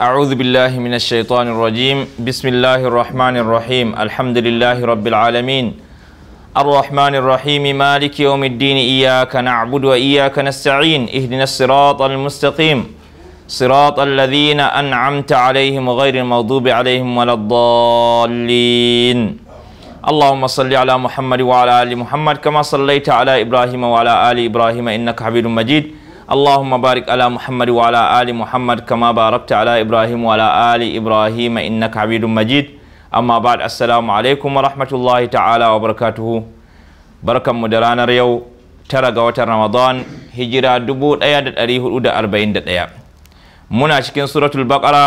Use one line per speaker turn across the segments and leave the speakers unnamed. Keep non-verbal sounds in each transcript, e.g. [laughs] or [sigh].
أعوذ بالله من الشيطان الرجيم بسم الله الرحمن الرحيم الحمد لله رب العالمين الرحمن الرحيم مالك يوم الدين إياك نعبد وإياك نستعين اهدنا الصراط المستقيم صراط الذين أنعمت عليهم غير المغضوب عليهم ولا الضالين اللهم صل على محمد وعلى آل محمد كما صليت على إبراهيم وعلى آل إبراهيم إنك حميد مجيد اللهم بارك على محمد وعلى آل محمد كما باركت على إبراهيم وعلى آل إبراهيم إنك عبيد مجيد أما بعد السلام عليكم ورحمة الله تعالى وبركاته بركة مدرانا ريو ترى قوات رمضان هجرة دبو الأيادة أريه الأودة أربعين دت دقيقة منا شكين سورة البقرة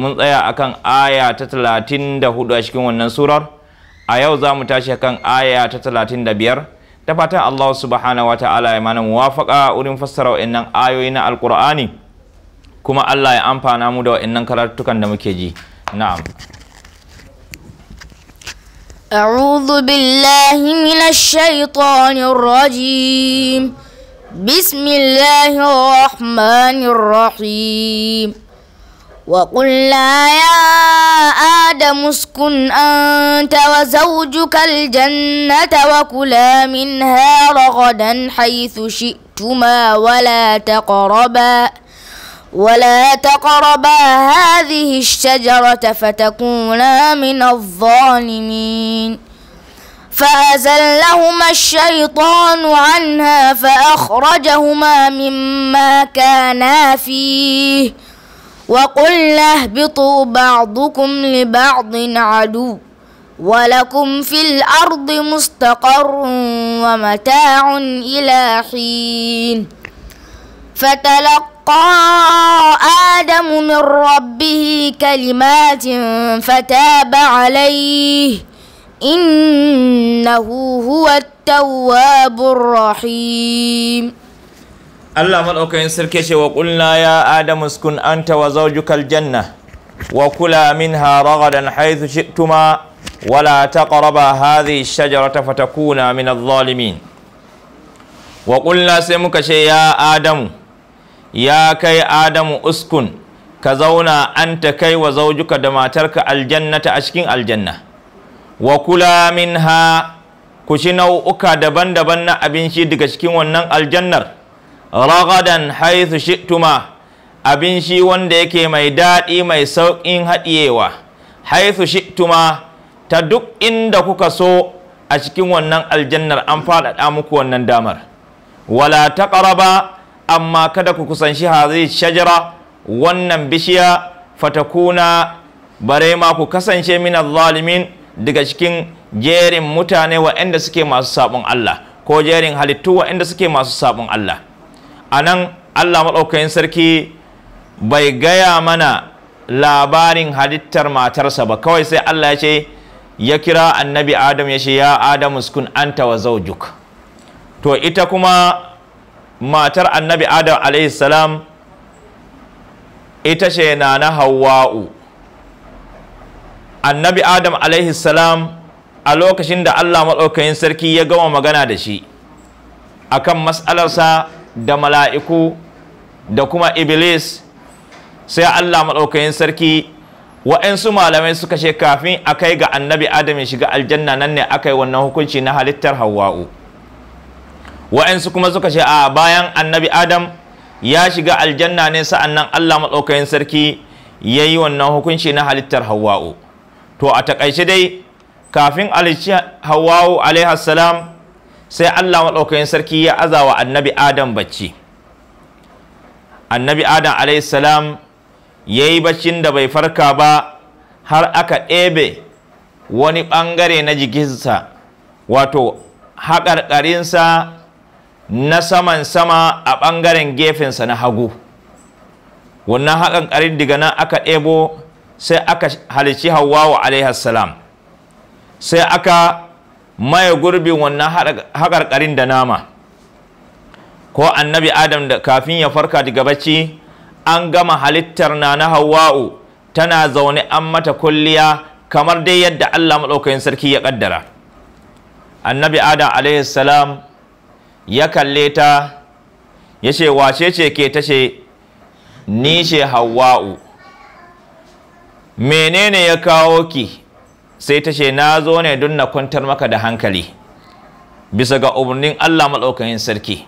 من أيا أكان آية تتلاتين دهود أشكين ونن سورة cikin wannan surar a yau za mu da Allah subhanahu wa ta'ala ya mana muwafaqa wurin fassara wa'annan ayoyi na alqur'ani kuma Allah ya amfana mu da wa'annan karatukan da muke ji na'am
أعوذ بالله من الشيطان الرجيم بسم الله الرحمن وقلنا يا آدم اسكن أنت وزوجك الجنة وكلا منها رغدا حيث شئتما ولا تقربا ولا تقربا هذه الشجرة فتكونا من الظالمين فأزلهما الشيطان عنها فأخرجهما مما كانا فيه وقل اهبطوا بعضكم لبعض عدو ولكم في الأرض مستقر ومتاع إلى حين فتلقى آدم من ربه كلمات فتاب عليه إنه هو التواب الرحيم
Allah maɗaukakin sarki ce wa ƙulna ya Adamu an ta wa zaujukal janna wa kula minha ragadan haythu shi'tuma wala taqraba hadhihi ash-shajarata fatakuna min adh-dhalimin wa sai muka ce ya Adamu ya kai Adamu uskun ka zauna anta kai wa zaujuka da matarka aljannata a cikin aljanna wa kula minha ku ci nau'uka daban-daban na abinci daga cikin wannan aljannar ragadan haithu shi'tuma abin shi wanda yake mai daɗi mai sauƙin haɗiyewa haithu shi'tuma ta duk inda kuka so a cikin wannan aljannar an faɗaɗa muku wannan damar wala ta ƙaraba amma kada ku kusanci hazi shajara wannan bishiya fatakuna bare ma ku kasance min zalimin daga cikin jerin mutane inda suke masu sabon Allah ko jerin halittu waɗanda suke masu sabon Allah a nan allah maɗaukakin sarki bai gaya mana labarin halittar matarsa ba kawai sai allah ya ce ya kira annabi adam ya ce ya adam uskun anta wa zawjuk to ita kuma matar annabi adam salam ita ce na na hawa'u annabi adam salam a lokacin da allah maɗaukakin sarki ya gama magana da shi akan mas'alarsa da mala'iku da kuma iblis sai Allah maɗaukakin sarki wa'yansu malamai suka ce kafin a kai ga annabi adam ya shiga aljanna nan ne aka yi wannan hukunci na halittar hawa'u wa'yansu kuma suka ce a bayan annabi adam ya shiga aljanna ne sa'an nan Allah maɗaukakin sarki ya yi wannan hukunci na halittar hawa'u to a taƙaice dai kafin halicci hawa'u alaihassalam salam sai Allah maɗaukakin sarki ya azawa annabi Adam bacci annabi Adam alaihissalam ya yi baccin da bai farka ba har aka ɗebe wani ɓangare na jikinsa wato haƙarƙarinsa na saman sama a ɓangaren gefensa na hagu wannan haƙarƙarin diga nan aka ɗebo sai aka halici hawawa alaihassalam sai aka maye gurbin wannan haƙarƙarin da nama ko annabi adam da kafin ya farka daga bacci an gama halittar na na hawa'u tana zaune an mata kulliya kamar dai yadda allah maɗaukakin sarki ya ƙaddara annabi adam a.s. ya kalle ta ya ce wace ce ke tashe nishe Hauwa'u. hawa'u menene ya kawo ki sai ta ce na zo ne don na kwantar maka da hankali bisa ga umarnin Allah maɗaukakin sarki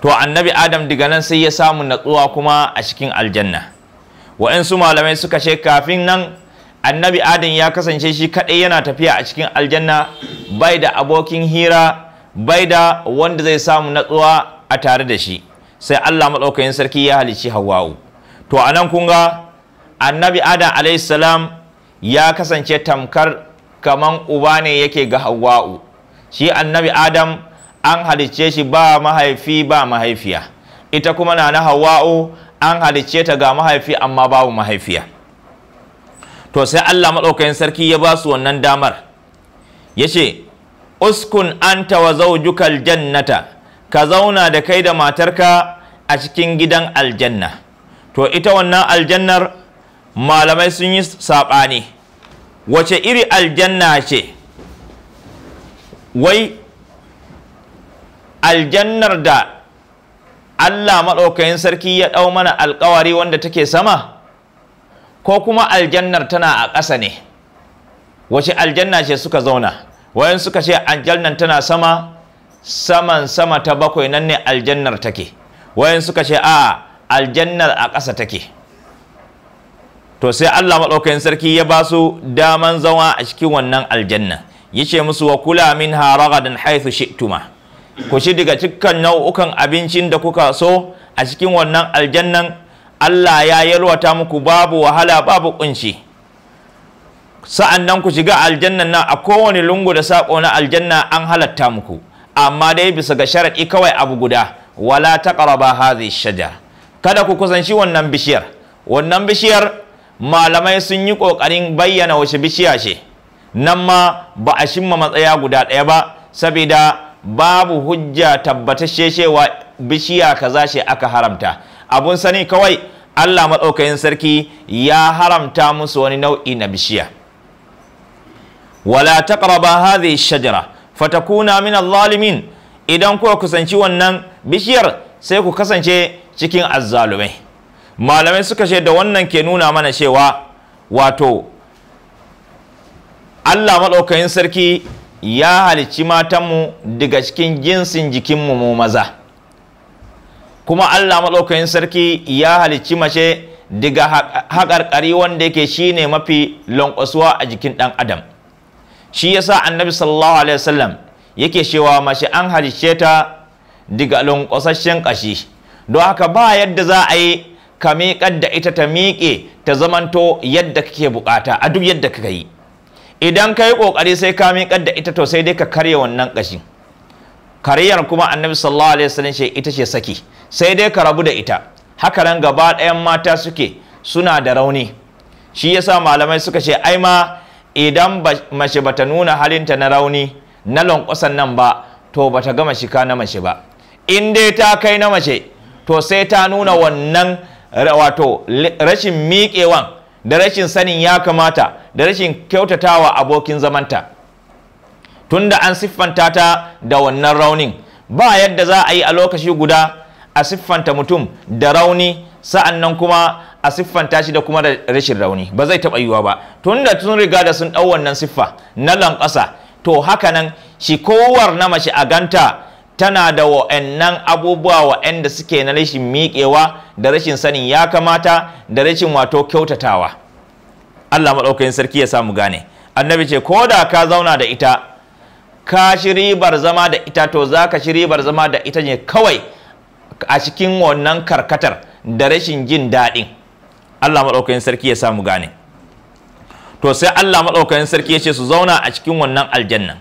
to annabi adam daga nan sai ya samu natsuwa kuma a cikin aljanna wa'insu malamai suka ce kafin nan annabi adam ya kasance shi kaɗai yana tafiya a cikin aljanna bai da abokin hira bai da wanda zai samu natsuwa a tare da shi sai Allah maɗaukakin sarki ya halicci hawa'u to anan kun ga annabi adam alaihi ya kasance tamkar kaman uba ne yake ga hawa'u shi annabi adam an halicce shi ba mahaifi ba mahaifiya ita kuma na na hawa'u an halicce ta ga mahaifi amma babu mahaifiya to sai allah maɗaukain sarki ya ba su wannan damar ya ce uskun anta wa zaujukal jannata ka zauna da kai da matarka a cikin gidan aljanna to ita wannan aljannar malamai sun yi saɓani wace iri aljanna ce wai aljannar da Allah maɗaukayin sarki ya ɗau mana alkawari wanda take sama ko kuma aljannar tana a ƙasa ne wace aljanna ce suka zauna wayan suka ce aljannar tana sama saman sama ta bakwai nan ne aljannar take wayan suka ce a aljannar a ƙasa take to sai Allah maɗaukakin sarki ya ba su daman zama a cikin wannan aljanna Ya ce musu wa kula min haragadan shi shi'tuma ku shi daga cikin nau'ukan abincin da kuka so a cikin wannan aljannan Allah ya yalwata muku babu wahala babu kunci nan ku shiga aljannan nan a kowane lungu da sako na aljanna an halatta muku amma dai bisa ga sharaɗi kawai abu guda wala ta ƙaraba hadhihi shajar kada ku kusanci wannan bishiyar wannan bishiyar malamai sun yi ƙoƙarin bayyana wasu bishiya ce nan ma ba a shimma matsaya guda ɗaya ba saboda babu hujja tabbatacce cewa bishiya kaza ce aka haramta abun sani kawai Allah maɗaukakin sarki ya haramta musu wani nau'i na bishiya wala taqraba hadhihi shajara fatakuna min adh-dhalimin idan kuka kusanci wannan bishiyar sai ku kasance cikin azzalumai malamai suka ce da wannan ke nuna mana cewa wato Allah maɗaukakin sarki ya halicci matanmu daga cikin jinsin jikinmu mu maza kuma Allah maɗaukakin sarki ya halicci mace daga haƙarƙari wanda yake shi ne mafi lankwasuwa a jikin ɗan adam shi yasa annabi sallallahu alaihi wasallam yake cewa mace an halicce ta daga lankwasashen ƙashi don haka ba yadda za a yi ka miƙar da ita ta miƙe ta zamanto yadda kake buƙata a duk yadda ka yi idan ka yi ƙoƙari sai ka miƙar da ita to sai dai ka karya wannan ƙashin karyar kuma annabi sallallahu alaihi wasallam ce ita ce saki sai dai ka rabu da ita haka nan gaba ɗayan mata suke suna da rauni shi yasa malamai suka ce ai ma idan mace bata nuna halinta na rauni na lankusan nan ba to bata gama shika na mace ba in dai ta kai na mace to sai ta nuna wannan wato rashin miƙewan da rashin sanin ya kamata da rashin kyautatawa abokin zamanta tunda an siffanta ta da wannan raunin ba yadda za a yi a lokaci guda a siffanta mutum da rauni sa'an nan kuma a siffanta shi da kuma da rashin rauni ba zai taɓa yiwuwa ba tunda tun riga da sun ɗau wannan siffa na lanƙasa to haka nan shi kowar na mace a ganta tana da wa'annan abubuwa wa'anda suke na rashin miƙewa da rashin sanin ya kamata da rashin wato kyautatawa Allah maɗaukakin sarki ya samu gane annabi ce ko da ka zauna da ita ka shiribar zama da ita to za ka shiribar zama da ita ne kawai a cikin wannan karkatar da rashin jin daɗin Allah maɗaukakin sarki ya samu gane to sai Allah maɗaukakin sarki ya ce su zauna a cikin wannan aljannan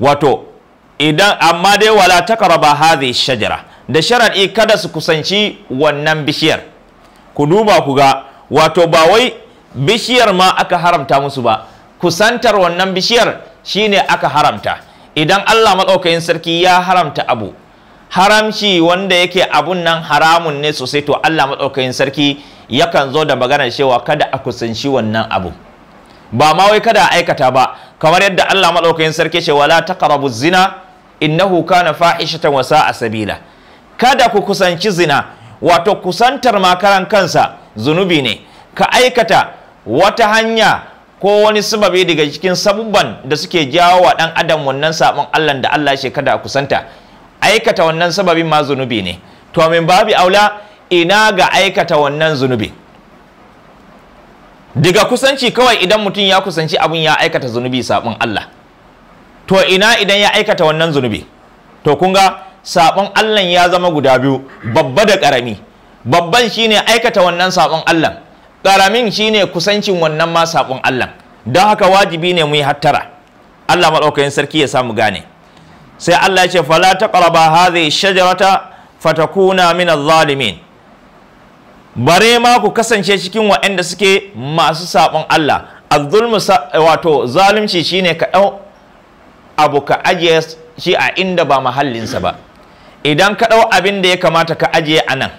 wato idan amma dai wala ba hadhihi shajara da sharadi kada su kusanci wannan bishiyar ku duba ku ga wato ba wai bishiyar ma aka haramta musu ba kusantar wannan bishiyar shine aka haramta idan Allah maɗaukakin sarki ya haramta abu haramci wanda yake abun nan haramun ne sosai to Allah maɗaukakin sarki yakan zo da maganar cewa kada a kusanci wannan abu ba ma wai kada a aikata ba kamar yadda Allah maɗaukakin sarki ce wala taqrabu zina innahu kana fahishatan wasa a sabila kada ku kusanci zina wato kusantar makaran kansa zunubi ne ka aikata wata hanya ko wani sababi daga cikin sabubban da suke jawo wa dan adam wannan sabon Allah da Allah shi kada kusanta aikata wannan sababin ma zunubi ne to min babi aula ina ga aikata wannan zunubi daga kusanci kawai idan mutum ya kusanci abun ya aikata zunubi sabon Allah to ina idan ya aikata wannan zunubi to kun ga sabon Allah ya zama guda biyu babba da karami babban shine aikata wannan sabon Allah karamin shine kusancin wannan ma sabon Allah don haka wajibi ne mu yi hattara Allah maɗaukakin sarki ya samu gane sai Allah ya ce fala taqraba hadhihi shajarata fatakuna min adh bare ma ku kasance cikin waɗanda suke masu sabon Allah az wato zalunci shine ka abu ka ajiye shi a inda ba mahallinsa ba idan ka ɗau abin da ya kamata ka ajiye a nan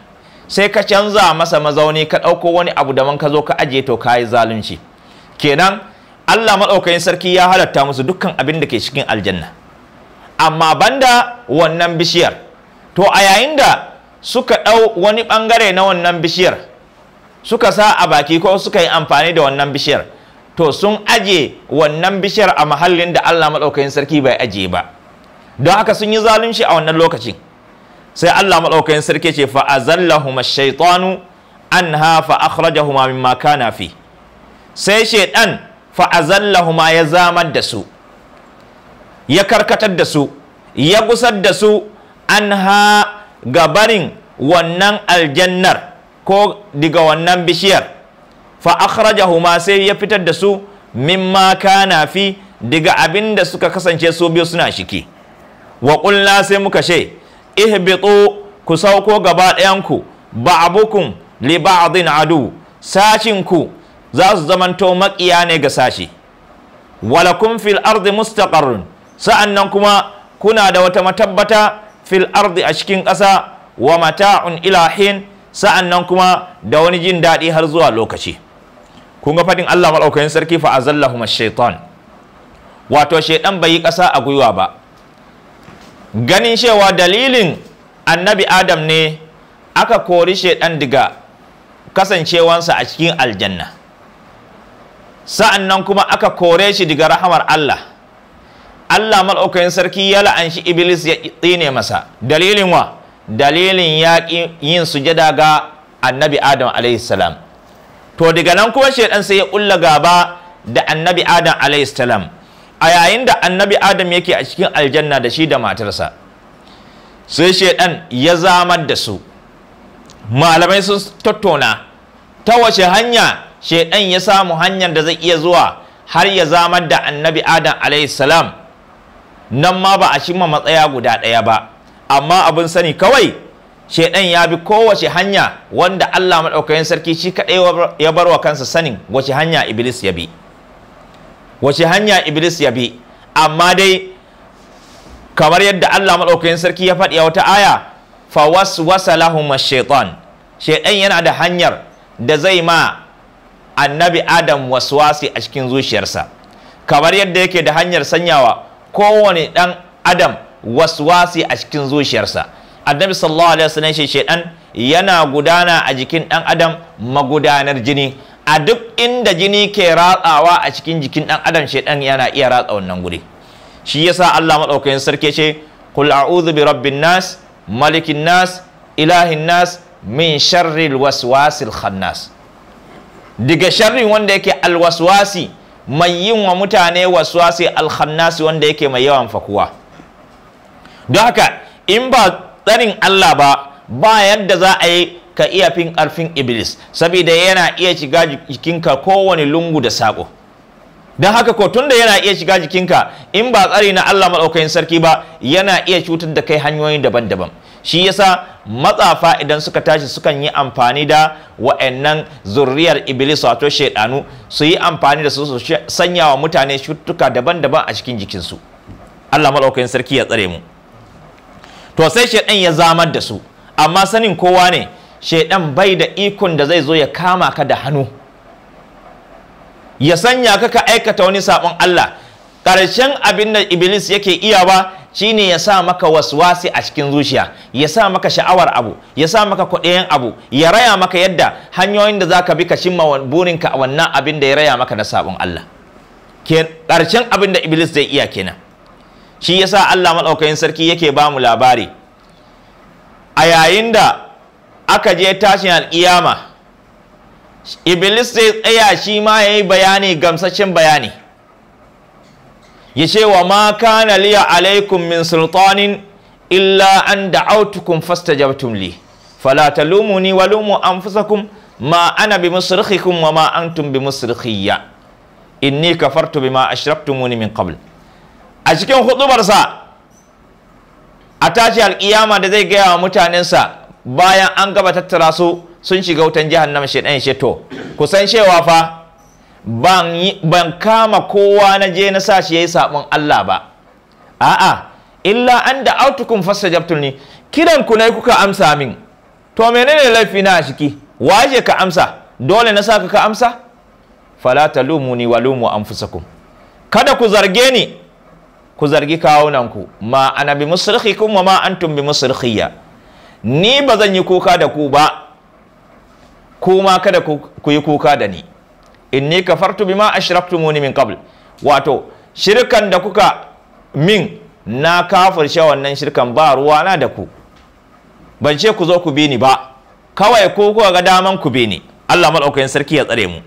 sai ka canza masa mazauni ka ɗauko wani abu da man ka zo ka ajiye to ka yi zalunci kenan Allah maɗaukakin sarki ya halatta musu dukkan abin da ke cikin aljanna amma banda wannan bishiyar to a yayin da suka ɗau wani ɓangare na wannan bishiyar suka sa a baki ko suka yi amfani da wannan bishiyar to sun aje wannan bishiyar a mahallin da Allah maɗaukakin sarki bai aje ba don haka sun yi zalunci a wannan lokacin sai Allah maɗaukakin sarki ce fa azallahuma shaytanu anha fa akhrajahuma mimma kana fi sai shaytan fa azallahuma ya zamar da su ya karkatar da su ya gusar da su anha gabarin wannan aljannar ko diga wannan bishiyar fa akhrajahuma sai ya fitar da su mimma kana fi daga abin da suka kasance su biyu suna shiki wa qulna sai muka ce ihbitu ku sauko gaba ɗayanku ba'abukum li ba'din adu ku za su zamanto maƙiya ne ga sashi walakum fil ardi mustaqarrun sa'annan kuma kuna da wata matabbata fil ardi a cikin ƙasa wa mata'un ila hin sa'annan kuma da wani jin daɗi har zuwa lokaci kun ga fadin Allah madaukakin sarki fa azallahu ash shaitan. wato shaitan bai yi kasa a gwiwa ba ganin cewa dalilin annabi Adam ne aka kori shaydan daga kasancewansa a cikin aljanna sa'annan kuma aka kore shi daga rahamar Allah Allah malaukakin sarki ya la'anshi Iblis ya tsine masa dalilin wa dalilin yaƙi yin sujada ga annabi Adam alaihi salam to daga nan kuma shaidan sai ya kulla gaba da annabi adam alayhi salam a yayin da annabi adam yake a cikin aljanna da shi da matarsa sai shaidan ya zamar da su malamai sun tattauna ta wace hanya shaidan ya samu hanyar da zai iya zuwa har ya zamar da annabi adam alayhi salam nan ma ba a shima matsaya guda ɗaya ba amma abin sani kawai shedan ya bi kowace hanya wanda Allah maɗaukakin sarki shi kaɗai ya bar wa kansa sanin wace hanya iblis ya bi wace hanya iblis ya bi amma dai kamar yadda Allah maɗaukakin sarki ya faɗi a wata aya fa wasu lahum ash-shaytan yana da hanyar da zai ma annabi Adam wasi a cikin zuciyarsa kamar yadda yake da hanyar sanyawa kowane ɗan Adam waswasi a cikin zuciyarsa annabi sallallahu alaihi wasallam shi shedan yana gudana a jikin dan adam magudanar jini a duk inda jini ke ratsawa a cikin jikin dan adam shedan yana iya ratsa wannan guri shi yasa Allah madaukakin sarki ce kul a'udhu bi rabbin nas malikin nas ilahin nas min sharril waswasil khannas daga sharrin wanda yake alwaswasi mai yin wa mutane waswasi alkhannasi wanda yake mai yawan fakuwa don haka in ba tsarin Allah ba ba yadda za a yi ka iya fin ƙarfin iblis saboda yana iya shiga jikinka kowane lungu da saƙo don haka ko tunda yana iya shiga jikinka in ba tsari na Allah maɗaukakin sarki ba yana iya cutar da kai hanyoyin daban-daban shi yasa matsafa idan suka tashi sukan yi amfani da wa'annan zurriyar iblis wato shaidanu su yi amfani da su su sanya wa mutane cutuka daban-daban a cikin jikinsu Allah maɗaukakin sarki ya tsare mu to sai shaidan ya zamar da su amma sanin kowa ne shaidan bai da ikon da zai zo ya kama ka da hannu ya sanya ka ka aikata wani sabon Allah ƙarshen abin da iblis yake iya ba shine ya sa maka waswasi a cikin zuciya ya sa maka sha'awar abu ya sa maka kuɗayen abu ya raya maka yadda hanyoyin da zaka bi ka cimma burinka a wannan abin da ya raya maka na sabon Allah ƙarshen abin da iblis zai iya kenan shi yasa Allah maɗaukakin sarki yake ba mu labari a yayin da aka je tashin al’iyama iblis zai tsaya shi ma ya yi bayani gamsashen bayani ya ce wa ma kana liya alaikum min sultanin illa an da da'autukum fastajabtum li fala talumuni wa lumu fusakun ma ana bi musrikhikum wa ma an tun bi musrikhiyya inni kafartu bima ashraktumuni min qabl a cikin hudubarsa a tashi alkiyama da zai gaya wa mutanensa bayan an gaba tattara su sun shiga wutan jahannama shedan shi to kusan cewa fa ban kama kowa na je na sa shi ya yi saɓon Allah ba a'a illa an da autukun autukum ne kiran ku ne kuka amsa min to menene laifi na a ciki waje ka amsa dole na sa ka amsa fala an walumu anfusakum kada ku zarge ni ku zargi kawunanku ma ana bi musrikhikum kuma ma an tumbi musrikhiya ni ba zan yi kuka da ku ba kuma kada ku yi kuka da ni in ni ma a bima muni min kabul wato shirkan da kuka min na kafirce wannan shirkan ba na da ku ban ce ku zo ku bi ni ba kawai ko kuka ga daman ku bi ni Allah madaukakin sarki ya tsare mu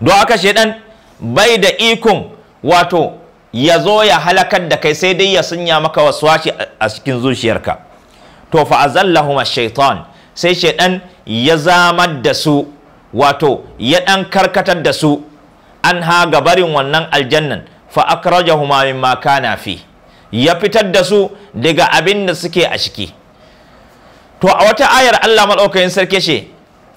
don haka shedan bai da ikon wato ya zo ya halakar da kai sai dai ya sunya maka waswashi a cikin zuciyarka to fa azallahum shaitan sai shaitan ya zamar da su wato ya dan karkatar da su an ha gabarin wannan aljannan fa akrajahuma mimma na fi ya fitar da su daga abin da suke a ciki to a wata ayar Allah madaukakin sarki ce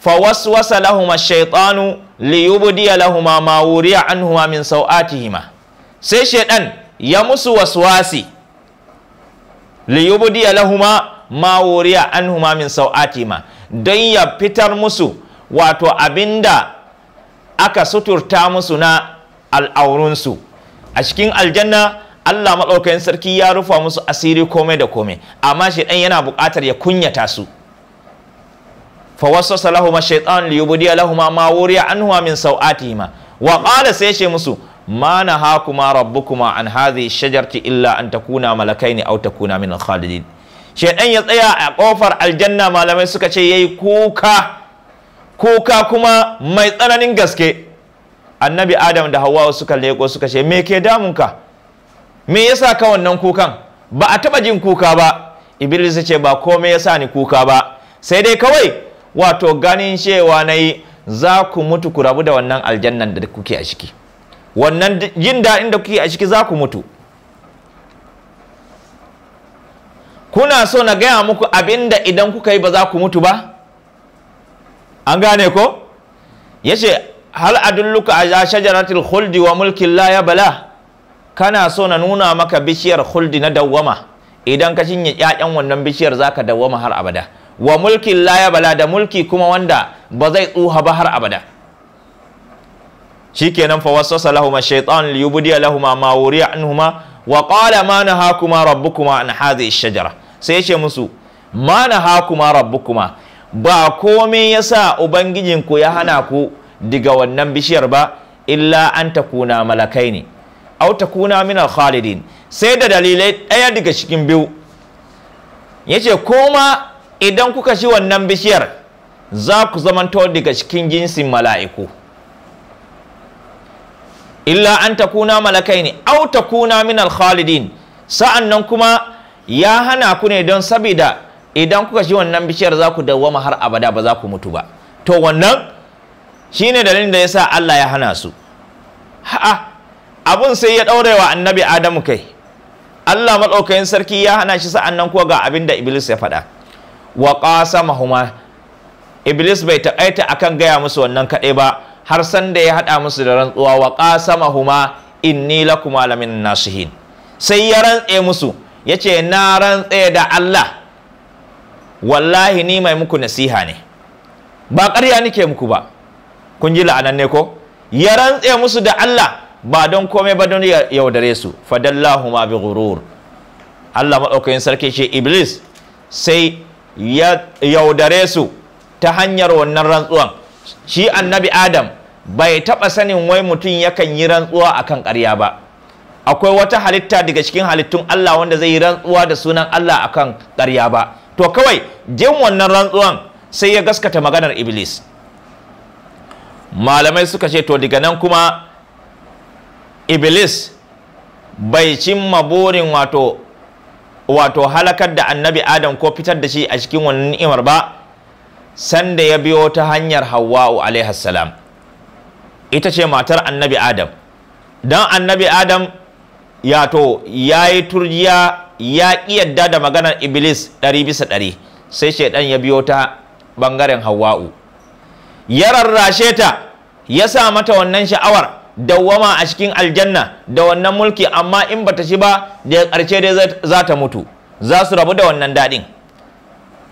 fa waswasa lahum ash-shaytanu liyubdiya lahum ma wuriya anhuma min sawatihima sai shaidan ya musu waswasi yubdi lahumu ma wuriya anhuma min sau'atima don ya fitar musu wato abinda aka suturta musu na al'aurunsu a cikin aljanna Allah maɗaukakin sarki ya rufa musu asiri komai da komai amma shaidan yana buƙatar ya kunyata su فوسوس لهما الشيطان ma, لهما ما min عنهما ma. سوآتهما وقال سيشي musu. ma nahakuma rabbukuma an hadhihi shajarti illa an Malakai malakaini aw kuna min al-khalidin ya tsaya a kofar aljanna malamai suka ce yayi kuka kuka kuma mai tsananin gaske annabi adam da hawa suka leko suka ce me ke ka? me yasa ka wannan kukan ba a taɓa jin kuka ba iblis ce ba komai yasa ni kuka ba sai dai kawai wato ganin cewa nayi za ku mutu ku rabu da wannan aljannan da kuke a ciki wannan jin daɗin da kuke a ciki za ku mutu kuna so na gaya muku abinda idan kuka yi ba za ku mutu ba an gane ko ya ce hal adulluka a shajaratul khuldi wa mulkin la ya bala kana so na nuna maka bishiyar khuldi na dawwama idan ka cinye ƴaƴan wannan bishiyar zaka dawwama har abada wa mulkin la ya bala da mulki kuma wanda ba zai tsuha ba har abada shikenan fa sassa lahuma shaytan liyubdi lahuma ma wuriya anhuma wa qala ma nahakuma rabbukuma an hadhihi shajara sai ya ce musu ma nahakuma rabbukuma ba komai yasa ubangijinku ya hana ku daga wannan bishiyar ba illa an takuna malakai ne au takuna min khalidin sai da dalilai ɗaya daga cikin biyu yace koma idan kuka shi wannan bishiyar za ku zamanto daga cikin jinsin mala'iku illa an ta takuna malakai ne au ta kuna min alkhalidin sa'an nan kuma ya hana ku ne don sabida idan kuka ji wannan bishiyar za ku dawwama har abada ba za ku mutu ba to wannan shine dalilin da yasa Allah ya hana su ha'a abun sai ya wa annabi Adamu kai Allah maɗaukakin sarki ya hana shi sa'an nan kuwa ga abin da Iblis ya faɗa wa qasamahuma Iblis bai taƙaita akan gaya musu wannan kaɗai ba har sanda ya haɗa musu da rantsuwa wa qasamahuma inni lakum alamin nasihin sai ya rantse musu ya ce na rantse da Allah wallahi ni mai muku nasiha ne ba ƙarya nike muku ba kun ji la'anan ne ko ya rantse musu da Allah ba don komai ba don yaudare su fadallahu ma bi ghurur Allah maɗaukakin sarki ce Iblis sai ya yaudare su ta hanyar wannan rantsuwan shi annabi adam bai taɓa sanin wai mutum yakan yi rantsuwa a kan karya ba akwai wata halitta daga cikin halittun Allah wanda zai yi rantsuwa da sunan Allah a kan karya ba to kawai jin wannan rantsuwan sai ya gaskata maganar iblis malamai suka ce to daga nan kuma iblis bai cimma burin wato wato halakar da annabi adam ko fitar da shi a cikin wannan ni'imar ba sanda ya biyo ta hanyar hawa'u salam ita ce matar annabi adam don annabi adam yato ya yi turjiya ya ƙi yadda da maganar iblis ɗari bisa ɗari sai shaidan ya biyo ta ɓangaren hawa'u ya rarrashe ta ya sa mata wannan sha'awar dawwama a cikin aljanna da wannan mulki amma in bata shi ba da ƙarshe dai za ta mutu za su rabu da wannan daɗin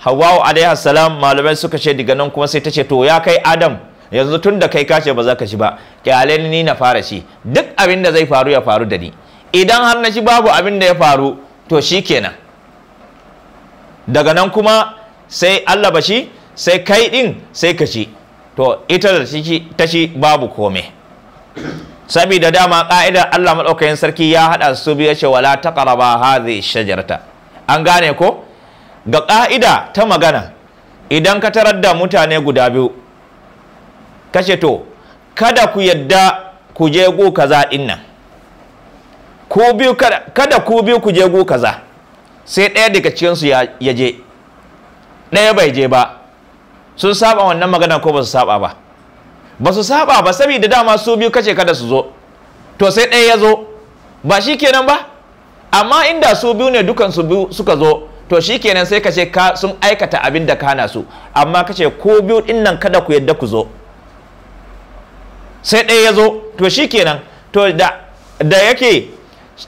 Hawwa'u alaihi salam malamai suka ce daga nan kuma sai ta ce to ya kai Adam yanzu tun da kai ka ce ba za ka shi ba kyale ni na fara shi. duk abin da zai faru ya faru da ni idan har na shi babu abin da ya faru to shi kenan daga nan kuma sai Allah ba shi sai kai din sai ka ci to ita da ta shi babu kome saboda dama ka'idar Allah madaukakin sarki ya hada su biya ce wala taqraba hadhihi shajarata an gane ko ga ƙa'ida ta magana idan ka tarar da mutane guda biyu kashe to kada ku yadda ku je gu kaza din nan kada ku biyu ku je gu kaza sai ɗaya daga cikinsu ya je ɗaya bai je ba sun saba wannan magana ko ba su saba ba ba su saba ba saboda dama su biyu kace kada su zo to sai ɗaya ya zo ba shi kenan ba amma inda su biyu ne dukansu biyu suka zo to shikenan sai ka ce sun aikata abin da ka hana su amma ka ce ko biyu din nan kada ku yadda ku zo sai ɗaya ya zo to shikenan to da yake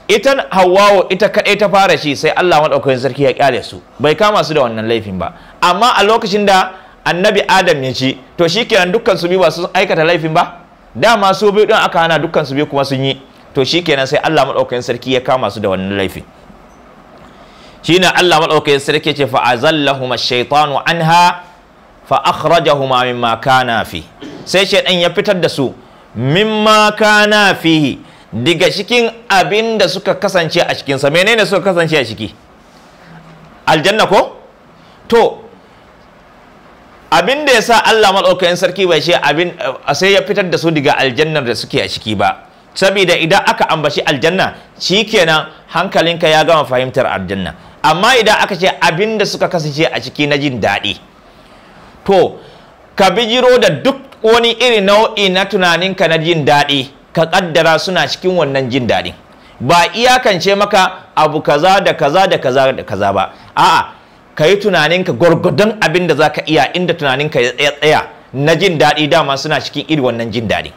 ita hawawo ita kaɗai ta fara shi sai Allah maɗaukakin sarki ya kyale su bai kama su da wannan laifin ba amma a lokacin da annabi adam ya ci to shikenan dukkan su biyu ba sun aikata laifin ba dama su biyu din aka hana dukkan su biyu kuma sun yi to shikenan sai Allah maɗaukakin sarki ya kama su da wannan laifin shine Allah madaukakin sarki ce fa azallahuma shaytanu anha fa akhrajahuma mimma kana fi sai shaydan ya fitar da su mimma kana fihi daga cikin abin da suka kasance a cikin sa menene suka kasance a ciki aljanna ko to abin da yasa Allah madaukakin sarki bai ce abin eh, sai ya fitar da su daga aljannar da suke a ciki ba saboda idan aka ambaci aljanna shikenan hankalinka ya gama fahimtar aljanna amma idan aka ce abin da suka kasance a ciki na jin daɗi to ka bijiro da duk wani iri nau'i na tunaninka na jin daɗi ka ƙaddara suna cikin wannan jin daɗin ba iyakance maka abu kaza da kaza da kaza da kaza ba a'a ka yi tunaninka gwargwadon abin da za ka iya inda tunaninka ya tsaya na jin daɗi dama suna cikin iri wannan jin daɗi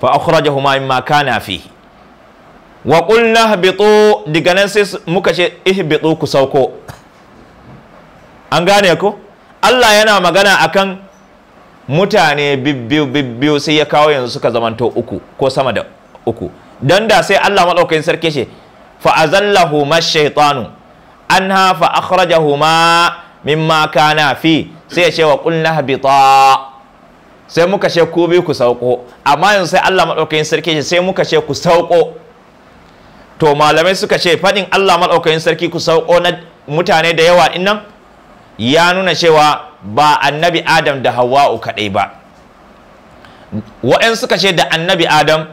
fa akhrajahuma mimma kana fihi wa qulna habitu diga nan sai muka ce ihbitu ku sauko an gane ku? Allah yana magana akan mutane bibbiyu bibbiyu sai ya kawo yanzu suka zamanto uku ko sama da uku Don da sai Allah madaukakin sarki ce fa azallahu mashaitanu anha fa akhrajahuma mimma kana fi sai ya ce wa qulna habita sai muka ce ku bi ku sauko amma yanzu sai Allah madaukakin sarki ce sai muka ce ku sauko to malamai suka ce faɗin Allah maɗaukakin sarki ku sauko na mutane da yawa nan? ya nuna cewa ba annabi Adam da Hawwa'u kaɗai ba wa'yan suka ce da annabi Adam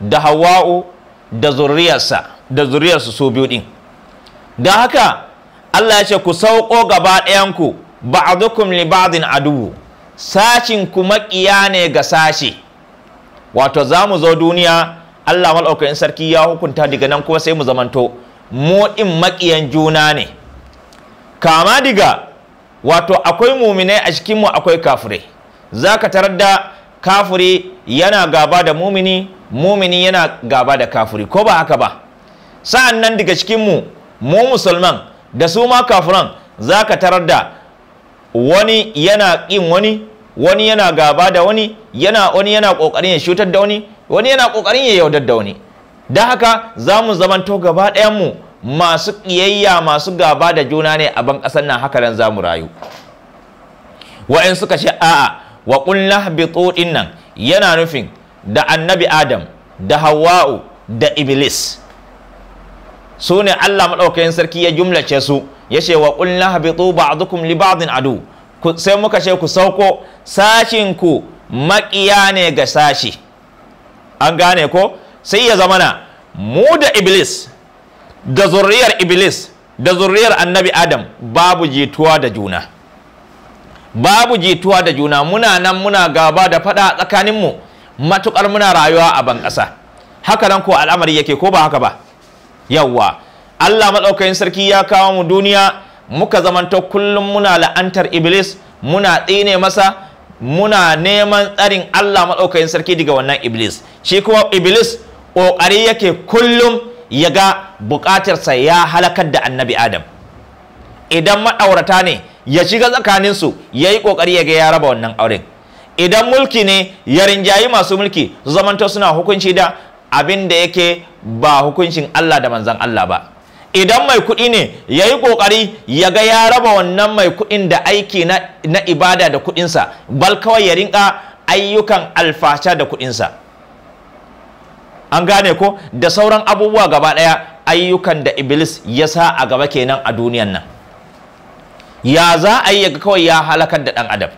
da Hawwa'u da zuriyarsa da zuriyarsu su biyu din da haka Allah ya ce ku sauko gaba ɗayanku ba'dukum li ba'din aduwu sashin ku maƙiya ne ga sashi wato za mu zo duniya Allah malaukakin sarki ya hukunta daga nan kuma sai mu zamanto mu din makiyan juna ne kama diga wato akwai muminai a cikin mu akwai kafirai zaka tarar da kafiri yana gaba da mumini mumini yana gaba da kafiri ko ba haka ba sa'an nan daga cikin mu mu musulman da su ma kafiran zaka tarar da wani yana ƙin wani wani yana gaba da wani yana wani yana ƙoƙarin ya shutar da wani wani yana kokarin ya yaudar da wani don haka za mu zamanto gaba mu masu ƙiyayya masu gaba da juna ne a ban ƙasar nan haka nan za mu rayu wa'in suka ce a'a wa bi tsoɗin nan yana nufin da annabi adam da hawa'u da iblis su ne allah maɗaukakin sarki ya jumlace su ya ce wa ƙulla habitu a zukun ba'din adu sai muka ce ku sauko sashinku maƙiya ne ga sashi an gane ko sai ya zamana mu da iblis da zuriyar iblis da zuriyar annabi adam babu jituwa da juna babu jituwa da juna muna nan muna gaba da fada tsakaninmu matukar muna rayuwa a ban ƙasa haka nan ko al'amari yake ko ba haka ba yawwa allah maɗaukakin sarki ya kawo mu duniya muka zamanta kullum muna la'antar iblis muna tsine masa muna neman tsarin Allah maɗaukakin sarki daga wannan iblis shi kuma iblis ƙoƙari yake kullum ya ga buƙatarsa ya halakar da annabi adam idan ma'aurata ne ya shiga tsakaninsu ya yi ƙoƙari ya ga ya raba wannan auren idan mulki ne ya rinjayi masu mulki su zamanto suna hukunci da abin da yake ba hukuncin Allah da manzan Allah ba idan mai kuɗi ne ya yi ƙoƙari ya ga ya raba wannan mai kuɗin da aiki na, ibada da kuɗinsa bal kawai ya rinka ayyukan alfasha da kuɗinsa an gane ko da sauran abubuwa gaba ɗaya ayyukan da iblis ya sa a gaba kenan a duniyan nan ya za a yi kawai ya halakar da ɗan adam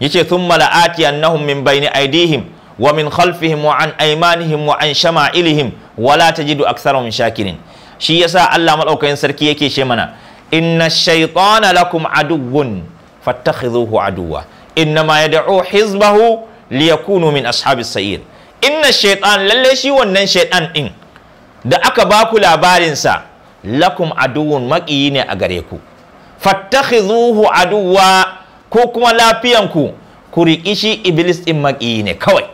yace an la'atiyannahum min baini aidihim wa min khalfihim wa an aymanihim wa an shama'ilihim wala la tajidu aktharahum shakirin shi yasa Allah madaukakin sarki yake ce mana inna shaytana lakum aduwwun fattakhidhuhu aduwwa inna ma yad'u hizbahu liyakunu min ashabis sa'ir inna shaytan lalle shi wannan shaytan din da aka baku labarin sa lakum aduwwun maqiyi ne a gare ku fattakhidhuhu aduwa ko kuma lafiyan ku riƙi shi iblis din maqiyi ne kawai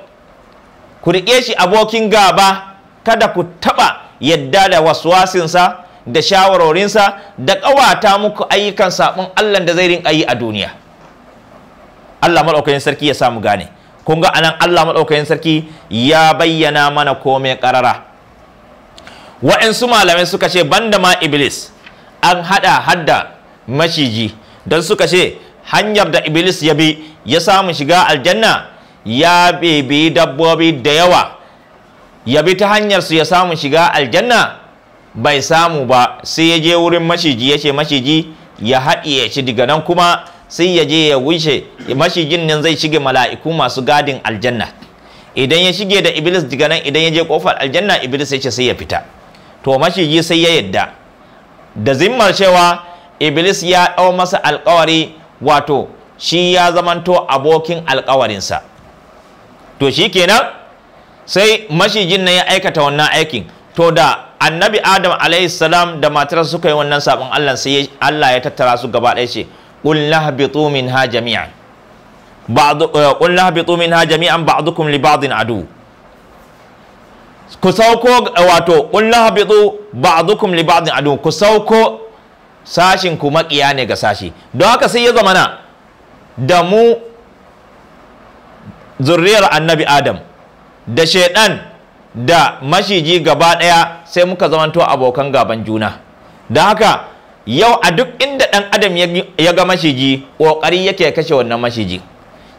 ku riƙe shi abokin gaba kada ku taɓa yadda da waswasinsa da shawarorinsa da ƙawata muku ayyukan saɓin Allah da zai rinka yi a duniya Allah maɗaukakin sarki ya samu gane kun ga anan Allah maɗaukakin sarki ya bayyana mana komai ƙarara wa'insu malamai suka ce banda ma iblis an haɗa hadda maciji don suka ce hanyar da iblis ya bi ya samu shiga aljanna ya bebe dabbobi da yawa ya bi ta hanyar su ya samu shiga aljanna bai samu ba sai ya je wurin mashiji ya ce mashiji ya haɗiye shi daga nan kuma sai ya je ya wuce mashijin nan zai shige mala'iku masu gadin aljanna idan ya shige da iblis daga nan idan ya je kofar aljanna iblis ya ce sai ya fita to mashiji sai ya yadda da zimmar cewa iblis ya ɗau masa alkawari wato shi ya zamanto abokin alkawarinsa to shi kenan sai mashijin na ya aikata wannan aikin to da annabi adam alaihi salam da matar suka yi wannan sabon Allah sai Allah ya tattara su gaba ɗaya ce qul min ha jami'an ba a dukkan minha jami'an ba'dukum li ba'din adu ku sauko eh, wato qul lahbitu ba'dukum dukkan libadin adu ku sauko sashin ku maƙiya ne ga sashi don haka sai ya zamana da mu zurriyar annabi adam da shaidan da mashiji gaba ɗaya sai muka zamanto abokan gaban juna da haka yau a duk inda ɗan adam ya ga mashiji ƙoƙari yake ya kashe wannan mashiji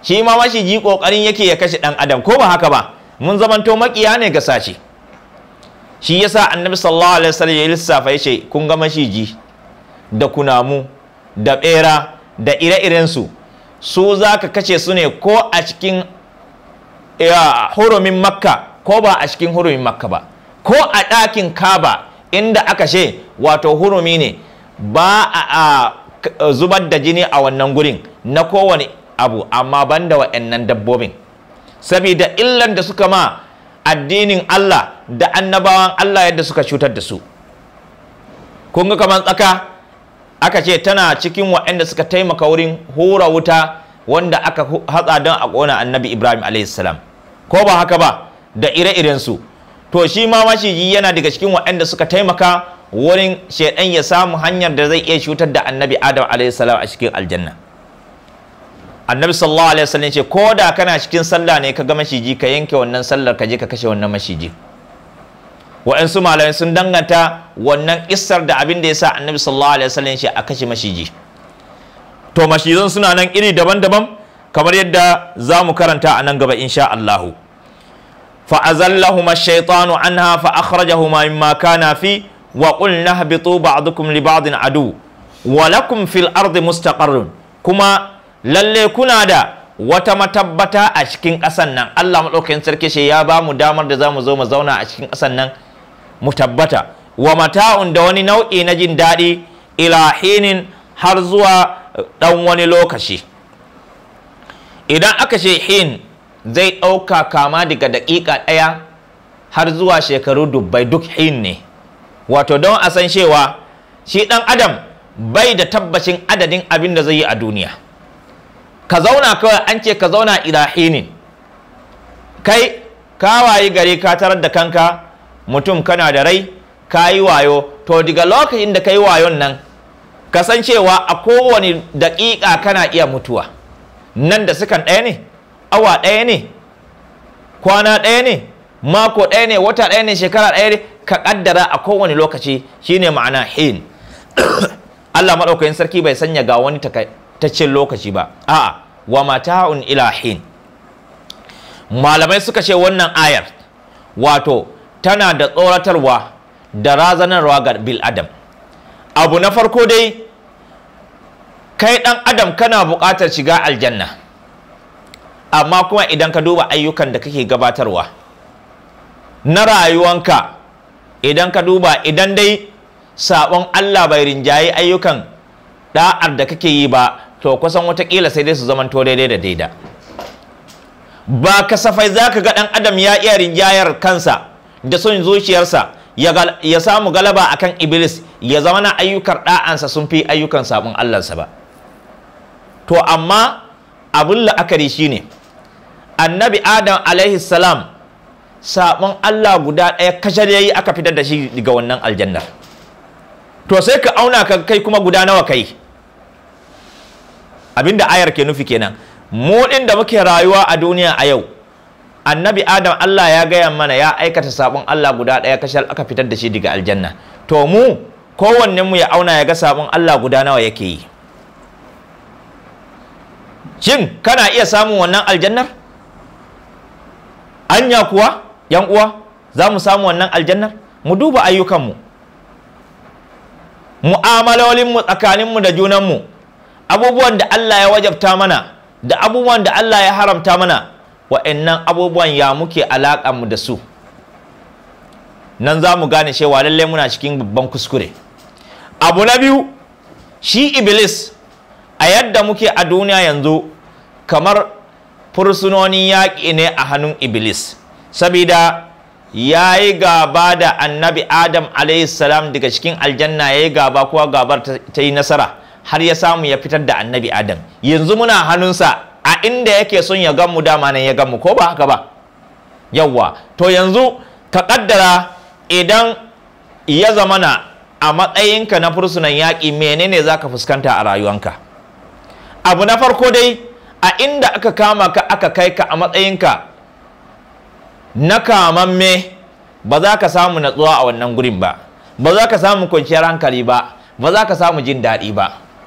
shi ma mashiji ƙoƙarin yake ya kashe ɗan adam ko ba haka ba mun zamanto makiya ne ga sashi shi yasa annabi sallallahu alaihi wasallam ya lissafa yace kun ga mashiji da kunamu da bera da ire-iren su su zaka kashe su ne ko a cikin hurumin makka ko ba a cikin hurumin makka ba ko a ɗakin kaba inda aka ce wato hurumi ne ba a zubar da jini a wannan gurin na kowane abu amma banda wa'annan dabbobin saboda illan da suka ma addinin Allah da annabawan Allah yadda suka cutar da su kun ga kamar tsaka aka ce tana cikin wa'anda suka taimaka wurin hura wuta wanda aka hatsa don a ƙona annabi Ibrahim Salam. ko ba haka ba da ire-irensu to shi ma mashiji yana daga cikin waɗanda suka taimaka wurin shaidan ya samu hanyar da zai iya cutar da annabi adam alaihissalam a cikin aljanna annabi sallallahu alaihi wasallam ce ko da kana cikin sallah ne ka ga mashiji ka yanke wannan sallar ka je ka kashe wannan mashiji wa'ansu malamai sun danganta wannan isar da abin da ya sa annabi sallallahu alaihi wasallam ce a kashe mashiji to mashizan suna nan iri daban-daban kamar yadda za mu karanta a nan gaba insha Allahu fa'azallahuma shaitanu an shaytanu anha fa akhrajahuma maka na fi wa qulna habitu a li libadin adu wa fil ardi mustaqarrun kuma lalle kuna da wata matabbata a cikin ƙasan nan Allah madaukakin sarki shi ya ba mu damar da za mu zo mu zauna a cikin ƙasan nan mu tabbata wa mata'un da wani nau'i na jin daɗi ila hinin har zuwa ɗan wani lokaci idan aka ce hin zai ɗauka kama daga daƙiƙa ɗaya har zuwa shekaru dubbai duk hin ne wato don a san cewa shi ɗan adam bai da tabbacin adadin abin da zai yi a duniya ka zauna kawai an ce ka zauna ila hinin kai kawaye gari ka tarar da kanka mutum kana da rai ka yi wayo to daga lokacin da ka yi wayon nan cewa a kowane daƙiƙa kana iya mutuwa nan da sukan ɗaya ne awa ɗaya ne kwana ɗaya ne mako ɗaya ne wata ɗaya ne shekara ɗaya ne ka ƙaddara a kowane lokaci shine ma'ana hin [coughs] Allah maɗaukakin sarki bai sanya ga wani takaitaccen lokaci ba a'a wa mata'un ila hin malamai suka ce wannan ayar wato tana da tsoratarwa da razanarwa ga bil adam abu na farko dai kai ɗan adam kana buƙatar shiga aljanna amma kuma idan ka duba ayyukan da kake gabatarwa na rayuwanka idan ka duba idan dai sabon Allah bai rinjaye ayyukan ɗa'ar da kake yi ba to kusan watakila sai dai su zamanto daidai da daida ba kasafai za ka ga ɗan adam ya iya rinjayar kansa da son zuciyarsa ya samu galaba akan iblis ya zama na ayyukar ɗa'ansa sun fi ayyukan sabon Allahnsa ba to amma abin la'akari shi ne, annabi adam alaihi salam sabon Allah guda ɗaya kashar yayi aka fitar da shi daga wannan aljannar to sai ka auna ka kai kuma guda nawa kai abinda ayar ke nufi kenan mu ɗin da muke rayuwa a duniya a yau annabi adam Allah ya gaya mana ya aikata sabon Allah guda ɗaya kashar aka fitar da shi daga aljanna to mu kowannenmu mu ya auna ya ga sabon Allah guda nawa yake yi shin kana iya samun wannan aljannar anya kuwa yan uwa za mu samu wannan aljannar mu duba ayyukanmu mu'amalolinmu tsakaninmu da junanmu abubuwan da Allah ya wajabta mana da abubuwan da Allah ya haramta mana wa'annan abubuwan ya muke mu da su nan za mu gane cewa lallai muna cikin babban kuskure abu na biyu shi iblis a yadda muke a duniya yanzu kamar fursunoni yaƙi ne a hannun iblis sabida ya yi gaba da annabi adam salam daga cikin aljanna ya yi gaba kuwa gabar ta yi nasara har ya samu ya fitar da annabi adam yanzu muna hannunsa a inda yake son ya gamu dama nan ya gamu ko ba haka ba yawwa to yanzu ka kaddara idan ya zamana a matsayinka na fursunan yaƙi menene za ka fuskanta a rayuwanka abu na farko dai a inda aka kama ka aka kai ka a matsayinka na kamamme ba za ka samu natsuwa a wannan gurin ba ba za ka samu kwanciyar hankali ba ba za ka samu jin daɗi ba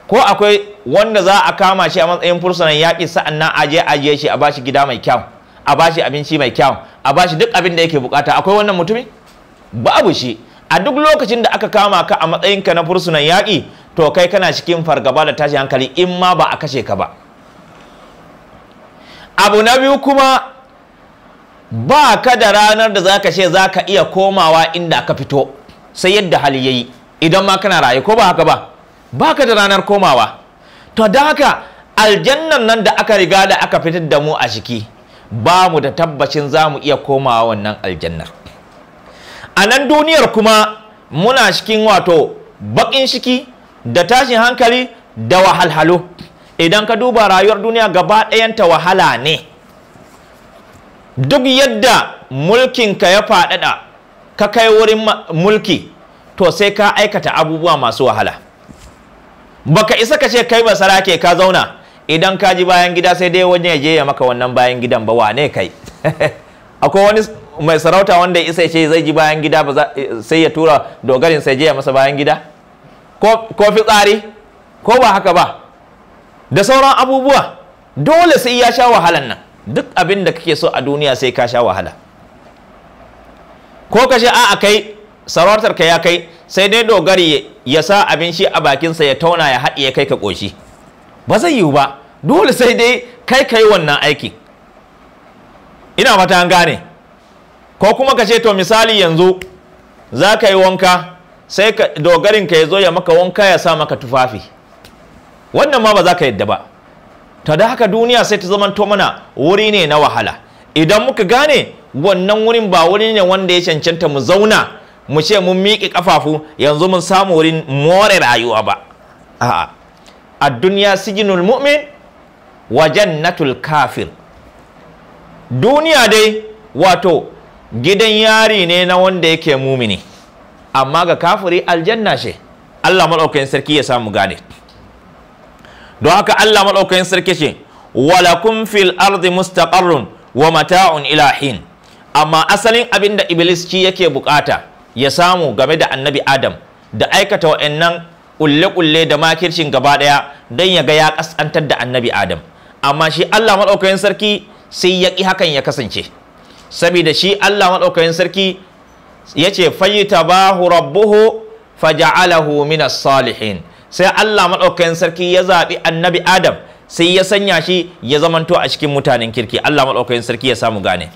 ko akwai wanda za a kama shi a matsayin fursunan yaƙi sa'an nan aje ajiye shi a bashi gida mai kyau a bashi abinci mai kyau a bashi duk abin da yake bukata akwai wannan mutumin babu shi a duk lokacin da aka kama ka a matsayinka na fursunan yaƙi to kai kana cikin fargaba da tashi hankali in ma ba a kashe ka ba abu na biyu kuma ba ka da ranar da za ka ce za ka iya komawa inda aka fito sai yadda hali ya yi idan ma kana raye ko ba haka ba ba ka da ranar komawa to da haka aljannan nan da aka riga da aka fitar da mu a ciki ba mu da tabbacin za mu iya komawa wannan aljannar a nan duniyar kuma muna cikin wato baƙin shiki da tashin hankali da wahalhalo idan ka duba rayuwar duniya gaba ɗayanta wahala ne duk yadda mulkinka ya faɗaɗa ka kai wurin mulki to sai ka aikata abubuwa masu wahala baka isa ka ce kai ba sarake ka zauna idan ka ji bayan gida sai dai wani ya je ya maka wannan bayan gidan ba wane kai [laughs] akwai wani mai sarauta wanda ya isa ce zai ji bayan gida sai ya tura dogarin sai je ya masa bayan gida ko fitsari ko ba haka ba da sauran abubuwa dole sai ya sha wahalan nan duk abin da kake so a duniya sai ka sha wahala ko ka sha a kai sarautar ka ya kai sai dai dogari ya sa abin shi a bakinsa ya tauna ya haɗi ya kai ka ƙoshi ba zai yiwu ba dole sai dai kai kai wannan aikin. ina mata an gane ko kuma ka ce to misali yanzu za ka yi wanka sai ka dogarin ka ya zo ya maka wanka ya sa maka tufafi wannan ma ba za ka yadda ba ta da haka duniya sai ta zamanto mana wuri ne na wahala idan muka gane wannan wurin ba wuri ne wanda ya cancanta mu zauna mu ce mun miƙe ƙafafu yanzu mun samu wurin more rayuwa ba a'a a duniya sijinul mu'min wa jannatul kafir duniya dai wato gidan yari ne na wanda yake mumini amma ga kafiri aljanna ce Allah maɗaukakin sarki ya samu gane don haka Allah maɗaukakin sarki ce walakum fil ardi mustaqarrun wa mata'un ila hin amma asalin abin da iblis ci yake bukata ya samu game da annabi adam da aikata wa'annan kulle-kulle da makircin gaba daya don ya ga ya kasantar da annabi adam amma shi Allah maɗaukakin sarki sai ya ƙi hakan ya kasance saboda shi Allah maɗaukakin sarki ya ce fayyita bahu rabbuhu faja'alahu minas salihin sai Allah maɗaukakin sarki ya zaɓi annabi Adam sai ya sanya shi ya zamanto a cikin mutanen kirki Allah maɗaukakin sarki ya samu gane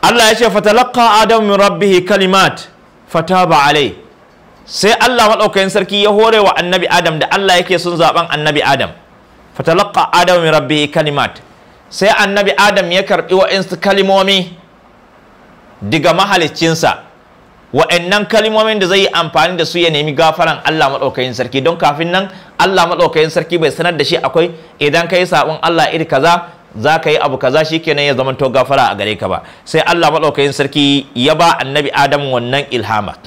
Allah ya ce fatalaqqa Adam min rabbihi kalimat fataba alai sai Allah maɗaukakin sarki ya hore wa annabi Adam da Allah yake sun zaɓen annabi Adam fatalaqqa Adam min rabbihi kalimat sai annabi adam ya karɓi wa'insu kalimomi daga mahaliccinsa wa'annan kalimomin da zai yi amfani da su ya nemi gafaran Allah maɗaukakin sarki don kafin nan Allah maɗaukakin sarki bai sanar da shi akwai idan ka yi saɓon Allah iri kaza za ka yi abu kaza kenan ya zamanto gafara a gare ka ba sai Allah maɗaukakin sarki ya ba annabi Adam wannan ilhama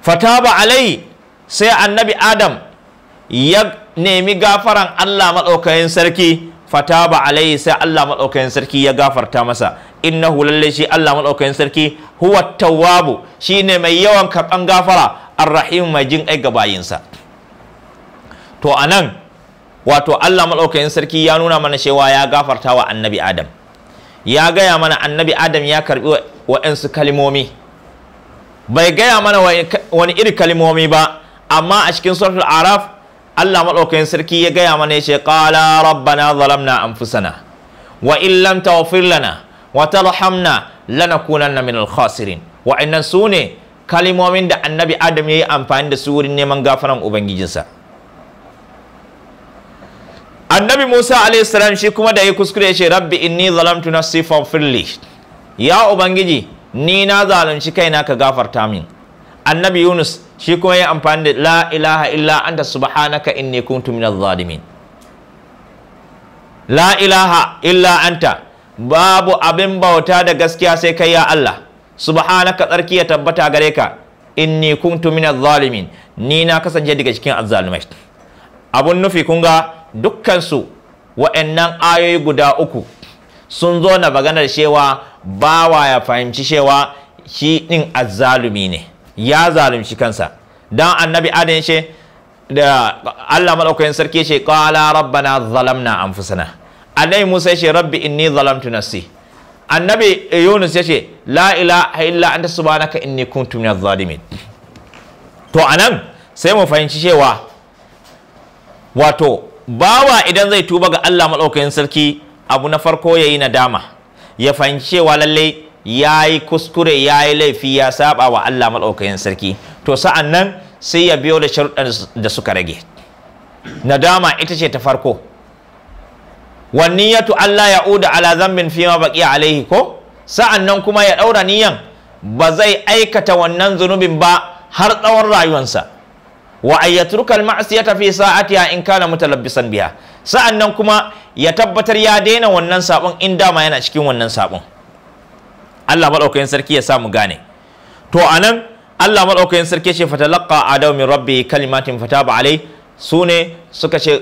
fataba alai sai annabi Adam ya nemi gafaran Allah maɗaukakin sarki fataba alaihi sai Allah madaukakin sarki ya gafarta masa Inna lalle shi Allah maɗaukan sarki huwa tawwabu shine mai yawan karɓan gafara arrahim mai jin ai bayinsa. to anan wato Allah madaukakin sarki ya nuna mana cewa ya gafarta wa annabi Adam ya gaya mana annabi Adam ya karbi waɗansu kalimomi. bai gaya mana wani iri kalimomi ba amma a cikin suratul araf Allah maɗaukakin sarki ya gaya mana yace qala rabbana zalamna anfusana wa in lam taghfir lana wa tarhamna lanakunanna minal khasirin wa'annan sune kalimomin da annabi adam ya yi amfani da su wurin neman gafaran ubangijinsa annabi musa a.s. shi kuma da ya kuskure ya ce rabbi inni zalamtu nafsi faghfirli ya ubangiji ni na zalunci kaina ka gafarta min annabi yunus shi kuma ya amfani da la ilaha illa anta subhanaka inni kuntu minaz zalimin la ilaha illa anta babu abin bauta da gaskiya sai kai ya Allah subhanaka tsarki ya tabbata gare ka inni kuntu minaz zalimin ni na kasance daga cikin azzalumai abun nufi kun ga dukkan su wa'annan ayoyi guda uku sun zo na maganar cewa bawa ya fahimci cewa shi din azzalumi ne ya zalunci kansa Don annabi adam shi da Allah madaukakin sarki shi qala rabbana zalamna fusana annabi Musa shi rabbi inni zalamtu nafsi annabi Yunus ya ce la ilaha illa anta subhanaka inni kuntu minaz zalimin to anan sai mu fahimci cewa wato bawa idan zai tuba ga Allah madaukakin sarki abu na farko ya yi nadama ya fahimci cewa lallai ya yi kuskure ya yi laifi ya saba wa Allah maɗaukakin sarki to sa'an nan sai ya biyo da sharuɗan da suka rage nadama ita ce ta farko wanniyatu Allah ya uda ala zambin fi ma baqiya alaihi ko sa'an nan kuma ya ɗaura niyan ba zai aikata wannan zunubin ba har tsawon rayuwansa wa ayyatrukal ma'siyata fi sa'atiha in kana mutalabbisan biha sa'an nan kuma ya tabbatar ya daina wannan sabon in dama yana cikin wannan sabon Allah madaukakin sarki ya samu gane to a nan, Allah madaukakin sarki ce laƙa a min rabbi kalimatin fita alai su ne suka ce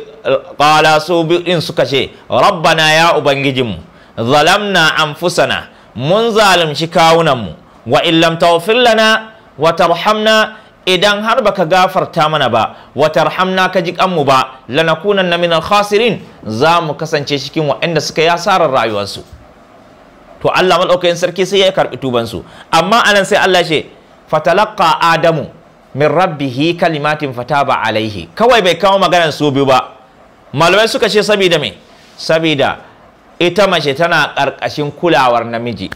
ƙala su biɗin suka ce rabbana ya ubangijinmu zalamna anfusana mun zalunci kawunanmu wa illam taghfir lana wa tarhamna idan har baka gafarta mana ba wa tarhamna ka ji kanmu ba lanakunanna minal khasirin za mu kasance cikin waɗanda suka yi asarar rayuwarsu to Allah yin sarki sai ya karbi tuban su amma anan sai Allah ce fatalaqa adamu min rabbihi kalimatin fataba alaihi kawai bai kawo maganar su biyu ba malamai suka ce saboda me saboda ita mace tana ƙarƙashin kulawar namiji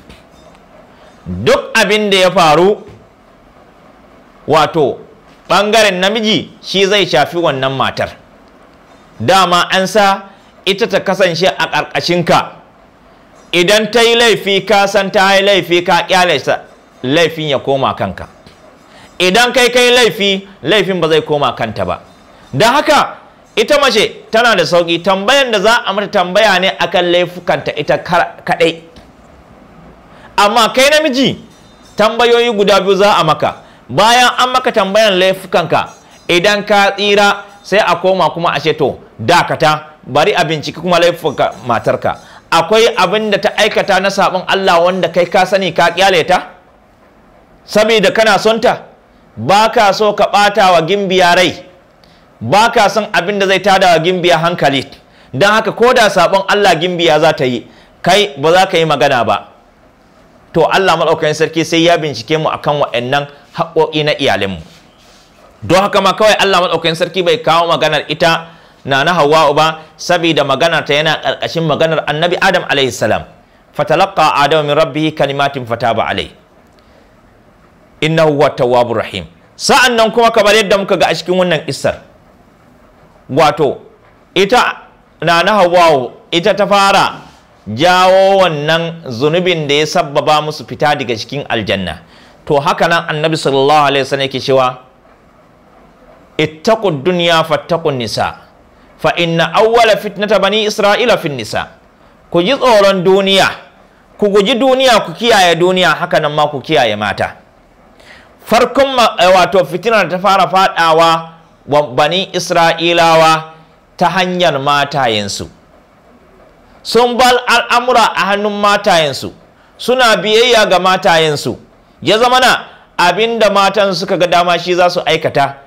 duk abin da ya faru wato bangaren namiji shi zai shafi wannan matar dama an sa ita ta kasance a ka. idan ta yi laifi ka san ta yi laifi ka kyale laifin ya koma kanka idan kai kai laifi laifin ba zai koma kanta ba Da haka ita mace tana da sauki tambayan da za a mata tambaya ne akan laifukanta ita kadai amma kai namiji tambayoyi guda biyu za a maka bayan an maka tambayan laifukanka idan ka tsira sai a koma kuma a to dakata bari a binciki kuma laifuka matarka akwai abin da ta aikata na sabon Allah wanda kai ka sani ka kyale ta saboda kana son ta ba ka so ka ɓata wa gimbiya rai ba ka son abin da zai tada wa gimbiya hankali don haka ko da sabon Allah gimbiya za ta yi kai ba za ka yi magana ba to Allah maɗaukakin sarki sai ya bincike mu akan waɗannan haƙoƙi na iyalinmu don haka ma kawai Allah maɗaukakin sarki bai kawo maganar ita na na Hawwa ba saboda maganar ta yana karkashin maganar Annabi Adam a.s. salam fatalaqa Adam min rabbi kalimatin fataba alai innahu huwa tawwabur rahim sa'annan kuma kamar yadda muka ga a cikin wannan isar wato ita na na Hawwa ita ta fara jawo wannan zunubin da ya sabbaba musu fita daga cikin aljanna to haka nan annabi sallallahu alaihi wasallam yake cewa ittaqud dunya fattaqun nisa' fa inna awwala fitnata bani isra'ila fin nisa ku ji tsoron duniya ku guji duniya ku kiyaye duniya haka nan ma ku kiyaye mata farkon eh, wato fitinar ta fara fadawa wa bani isra'ilawa ta hanyar matayensu sun bar al'amura a hannun matayensu suna biyayya ga matayensu ya zama na abin matan suka ga dama shi za su aikata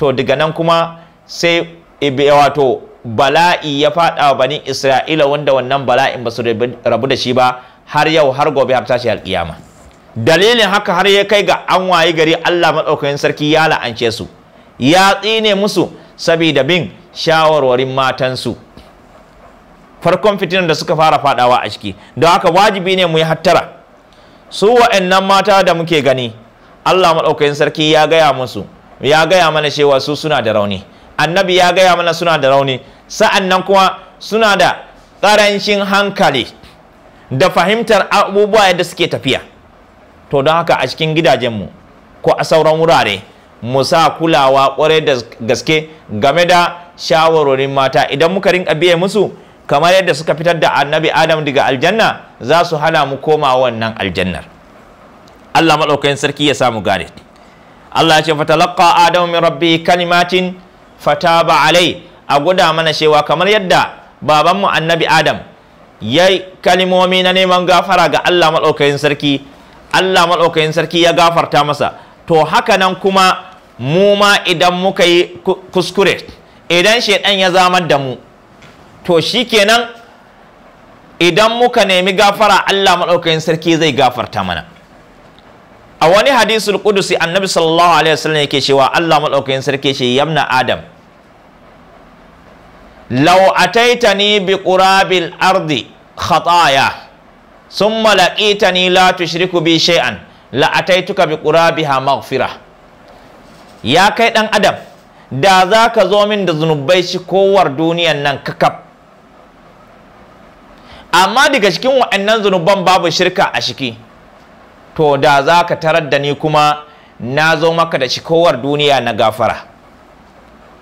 to daga nan kuma sai wato bala'i ya faɗa wa bani isra'ila wanda wannan bala'in ba su rabu da shi ba har yau har gobe har tashi alƙiyama dalilin haka har ya kai ga an wayi gari allah maɗaukakin sarki ya la'ance su ya tsine musu saboda bin shawarwarin matansu farkon fitinan da suka fara faɗawa a ciki don haka wajibi ne mu yi hattara su wa'annan mata da muke gani allah maɗaukakin sarki ya gaya musu ya gaya mana cewa su suna da rauni annabi ya gaya mana suna da rauni sa'an nan kuma suna da ƙarancin hankali da fahimtar abubuwa yadda suke tafiya to don haka a cikin gidajenmu ko a sauran wurare musa kulawa ƙwarai da gaske game da shawarorin mata idan muka rinka biye musu kamar yadda suka fitar da annabi adam daga aljanna za su hana mu koma wannan aljannar allah maɗaukan sarki ya samu gane allah ya ce fatalaqa adamu min rabbi kalimatin fataba alai a guda mana cewa kamar yadda babanmu annabi adam ya kalimomi na neman gafara ga Allah maɗaukakin sarki Allah maɗaukakin sarki ya gafarta masa to haka nan kuma mu ma idan muka yi kuskure idan shaidan ya zamar da mu to kenan idan muka nemi gafara Allah maɗaukakin sarki zai gafarta mana a wani hadisul kudusi annabi sallallahu alaihi wasallam yake cewa Allah maɗaukakin sarki ce yamna adam law ataitani bi qurabil arzi khataya sun malaki la tushriku bi shay'an la ataituka bi qurabiha maghfira ya kai ɗan adam da za ka zo min da zunubai shi kowar duniyan nan kakaf amma daga cikin waɗannan zunuban babu shirka a shiki to da za ka tarar da ni kuma na zo maka da shikowar duniya na gafara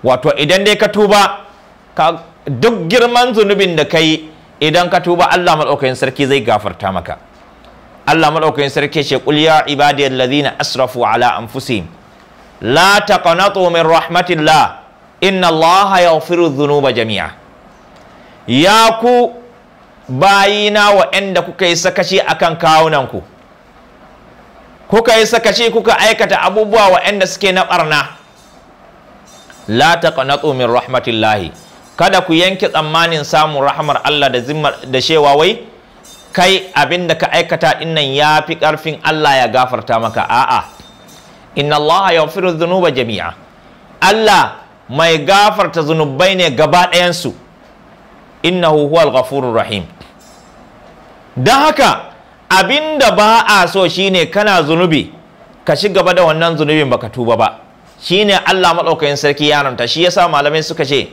wato idan dai ka tuba duk girman zunubin da kai idan ka tuba Allah madaukakin sarki zai gafarta maka Allah madaukakin sarki ce qul ya ibadiyal ladina asrafu ala anfusihim la taqnatu min rahmatillah inna Allah yaghfiru dhunuba jami'a ya ku bayina inda kuka yi sakaci akan kawunanku kuka yi sakaci kuka aikata abubuwa waɗanda suke na barna la taqnatu min rahmatillahi kada ku yanke tsammanin samun rahmar Allah da zimmar da shewa wai kai abin da ka aikata dinnan ya fi ƙarfin Allah ya gafarta maka a'a inna Allah yaghfiru dhunuba jami'a Allah mai gafarta zunubai ne gaba ɗayansu innahu huwal ghafurur rahim don haka abinda ba a so shine kana zunubi ka ci gaba da wannan zunubin baka tuba ba shine Allah maɗaukakin sarki ya ranta shi yasa malamai suka ce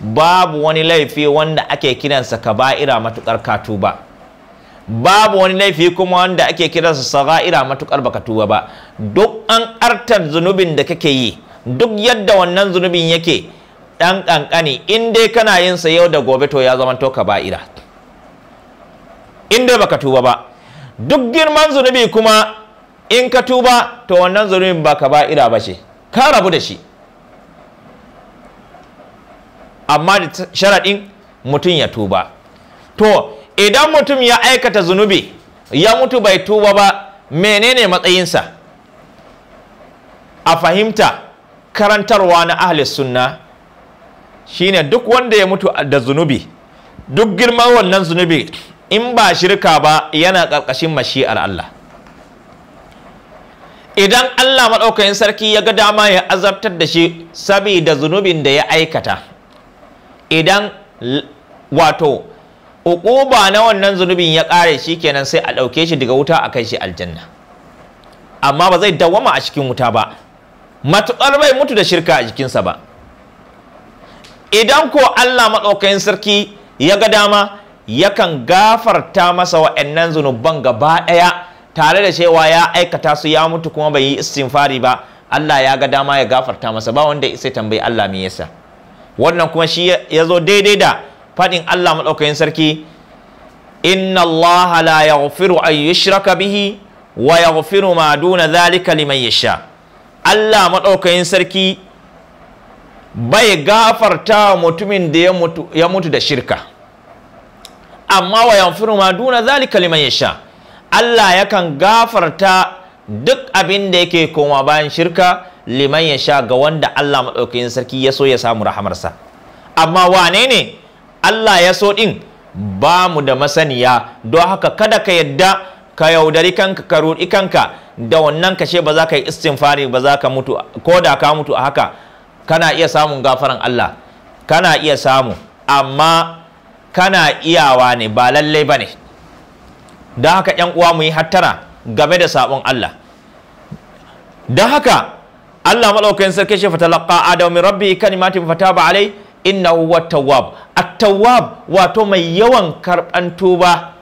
babu wani laifi wanda ake kiransa ka ba'ira matukar ka tuba babu wani laifi kuma wanda ake kiransa sagha'ira matukar baka tuba ba duk an artar zunubin da kake yi duk yadda wannan zunubin yake dan kankani in dai kana yin sa yau da gobe to ya zama to ba'ira. in dai baka tuba ba duk girman zunubi kuma in ka tuba to wannan zunubin ba ba'ira ba ce ka rabu da shi amma da sharaɗin mutum ya tuba to idan mutum ya aikata zunubi ya mutu bai tuba ba menene matsayinsa a fahimta karantarwa na ahli sunna shine duk wanda ya mutu da zunubi duk girman wannan zunubi in ba shirka ba yana ƙarƙashin mashi'ar Allah idan Allah maɗaukakin sarki ya ga dama ya azabtar da shi saboda zunubin da ya aikata idan wato uquba na wannan zunubin ya kare shi kenan sai a ɗauke shi daga wuta a kai shi aljanna amma ba zai dawwama a cikin wuta ba matuƙar bai mutu da shirka a jikinsa ba idan ko Allah maɗaukakin sarki ya ga dama yakan gafarta masa wa'annan zunuban gaba ɗaya tare da cewa ya aikata su ya mutu kuma bai yi istinfari ba Allah ya ga dama ya gafarta masa ba wanda sai tambayi Allah me yasa wannan kuma shi ya zo daidai da faɗin Allah maɗaukakin sarki inna Allah la yaghfiru an yushraka bihi wa yaghfiru ma duna zalika liman yasha Allah maɗaukakin sarki bai gafarta mutumin da ya mutu da shirka amma wa yaghfiru ma duna zalika liman yasha Allah yakan gafarta duk abin da yake koma bayan shirka liman ya sha ga wanda Allah maɗaukakin sarki ya so ya samu rahamarsa amma wane ne Allah ya so ɗin ba mu da masaniya don haka kada ka yadda ka yaudari kanka ka ruɗi kanka da wannan kashe ba za ka yi istinfari ba za ka mutu ko da ka mutu a haka kana iya samun gafaran Allah kana iya samu amma kana iyawa ne ba lallai ba ne don haka ‘yan uwa mu yi hattara game da sabon Allah don haka Allah madaukakin sarki shi fatalaqa adam min rabbi kalimatin fataba alai innahu huwa tawwab at-tawwab wato mai yawan karban tuba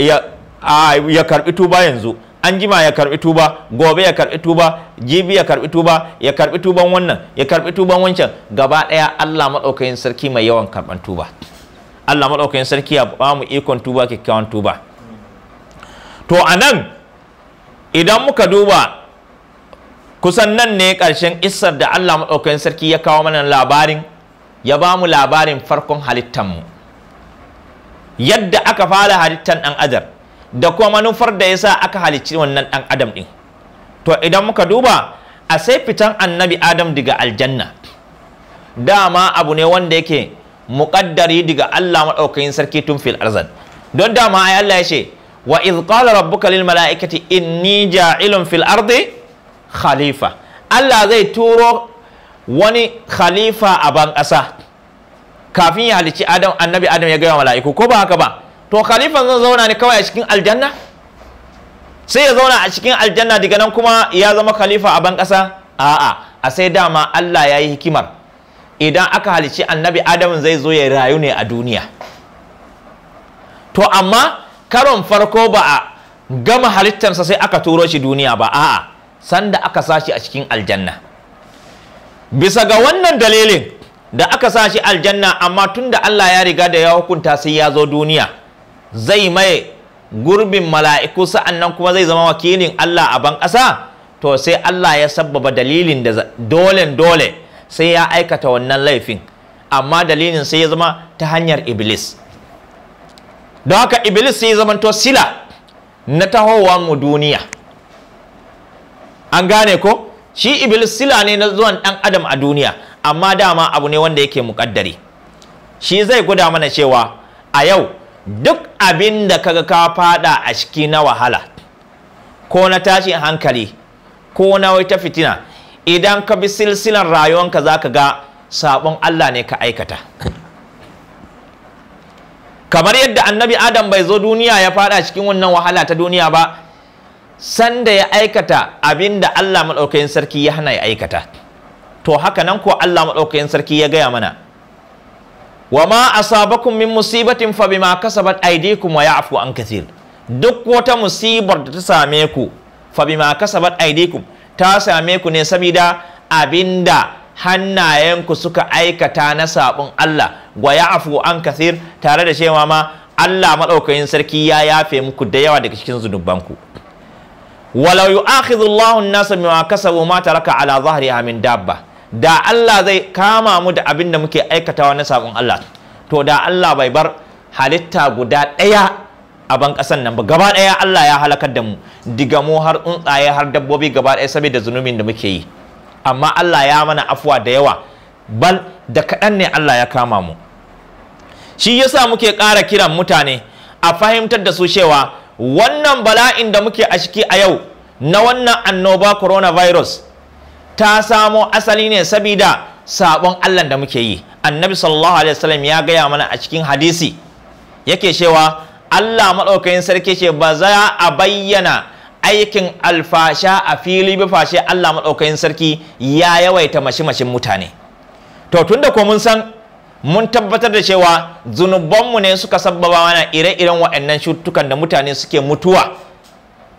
ya, ya karbi tuba yanzu an jima ya karbi tuba gobe ya karbi tuba jibi ya karbi tuba ya karbi tuban wannan ya karbi tuban wancan gaba daya Allah madaukakin sarki mai yawan karban tuba Allah madaukakin sarki ya ba mu ikon tuba kikkiawan tuba to anan idan muka duba kusan nan ne ƙarshen isar da Allah maɗaukakin sarki ya kawo mana labarin ya ba mu labarin farkon halittanmu yadda aka fara halittan ɗan adam da kuma manufar da ya sa aka halicci wannan ɗan adam ɗin to idan muka duba a sai fitan annabi adam daga aljanna dama abu ne wanda yake muƙaddari daga Allah maɗaukakin sarki tun fil arzan don dama ai Allah ya ce wa iz qala rabbuka lil mala'ikati inni ja'ilun fil ardi khalifa Allah zai turo wani khalifa a ban ƙasa kafin ya halicci Adam annabi Adam ya gaya mala'iku ko ba haka ba to khalifan zan zauna ne kawai a cikin aljanna sai ya zauna a cikin aljanna daga nan kuma ya zama khalifa a ban ƙasa a'a a sai dama Allah ya yi hikimar idan aka halicci annabi Adam zai zo ya rayu ne a duniya to amma karon farko ba a gama halittarsa sai aka turo shi duniya ba a'a sanda aka sashi a cikin aljanna bisa ga wannan dalilin da aka sashi aljanna amma tunda Allah ya riga da ya hukunta sai ya zo duniya zai mai gurbin mala'iku sa'annan kuma zai zama wakilin Allah a ban ƙasa to sai Allah ya sabbaba dalilin da dole dole sai ya aikata wannan laifin amma dalilin sai ya zama ta hanyar iblis don haka iblis sai ya zama to sila na tahowar mu duniya an gane ko shi iblis sila ne na zuwan ɗan adam a duniya amma dama abu ne wanda yake muƙaddari shi zai guda mana cewa a yau duk abin da kaga ka fada a ciki na wahala ko na tashi hankali ko na wata fitina idan ka bi silsilan rayuwanka za ka ga sabon Allah ne ka aikata kamar yadda annabi adam bai zo duniya ya fada cikin wannan wahala ta duniya ba sanda ya aikata abin da Allah maɗaukakin sarki ya hana ya aikata to haka nan ko Allah maɗaukakin sarki ya gaya mana wa ma asabakum min musibatin fa bima kasabat aydikum wa ya'fu an kathir duk wata musibar da ta same ku fa bima kasabat aydikum ta same ku ne saboda abinda hannayenku suka aikata na sabon Allah wa ya'fu an kasir, tare da cewa ma Allah maɗaukakin sarki ya yafe muku da yawa daga cikin zunubanku walau akhidhu Allahu an-nasa bima kasabu ma taraka ala dhahriha min dabba da Allah zai kama mu da abin da muke aikatawa na sabon Allah to da Allah bai bar halitta guda ɗaya a ban ƙasan nan ba gaba ɗaya Allah ya halakar da mu diga mu har tsuntsaye har dabbobi gaba ɗaya saboda zunubin da muke yi amma Allah ya mana afuwa da yawa bal da kaɗan ne Allah ya kama mu shi yasa muke ƙara kiran mutane a fahimtar da su cewa wannan bala'in da muke a ciki a yau na wannan annoba coronavirus ta samo asali ne sabida sabon Allah da muke yi annabi sallallahu alaihi wasallam ya gaya mana a cikin hadisi yake cewa Allah maɗaukakin sarki ce ba za a bayyana aikin alfasha a fili bifashe Allah maɗaukakin sarki ya yawaita mashi-mashin mutane to tunda ko mun san mun tabbatar da cewa zunubanmu ne suka sabbaba mana ire-iren waɗannan cutukan da mutane suke mutuwa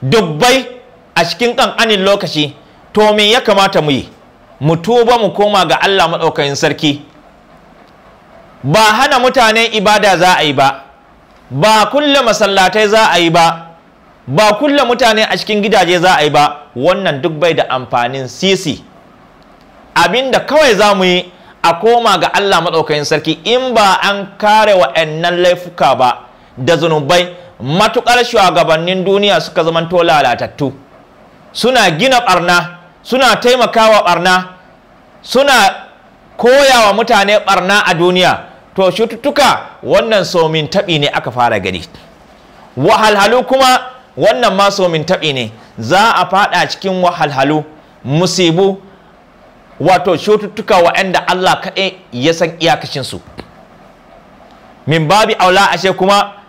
dubbai a cikin ƙanƙanin lokaci to me ya kamata mu yi mu tuba mu koma ga Allah maɗaukakin sarki ba hana mutane ibada za a yi ba ba kulle masallatai za a yi ba ba kulle mutane a cikin gidaje za a yi ba wannan duk bai da amfanin sisi abinda kawai za mu yi a koma ga Allah maɗaukakin sarki in ba an kare wa'annan laifuka ba da zunubai matuƙar shugabannin duniya suka zamanto lalatattu suna gina ɓarna suna taimakawa ɓarna suna koyawa mutane ɓarna a duniya to shututtuka wannan somin taɓi ne aka fara gani wahalhalu kuma wannan ma somin taɓi ne za a faɗa cikin wahalhalu musibu wato shututtuka wa'anda Allah kaɗai ya san iyakacin su min babi aula ashe kuma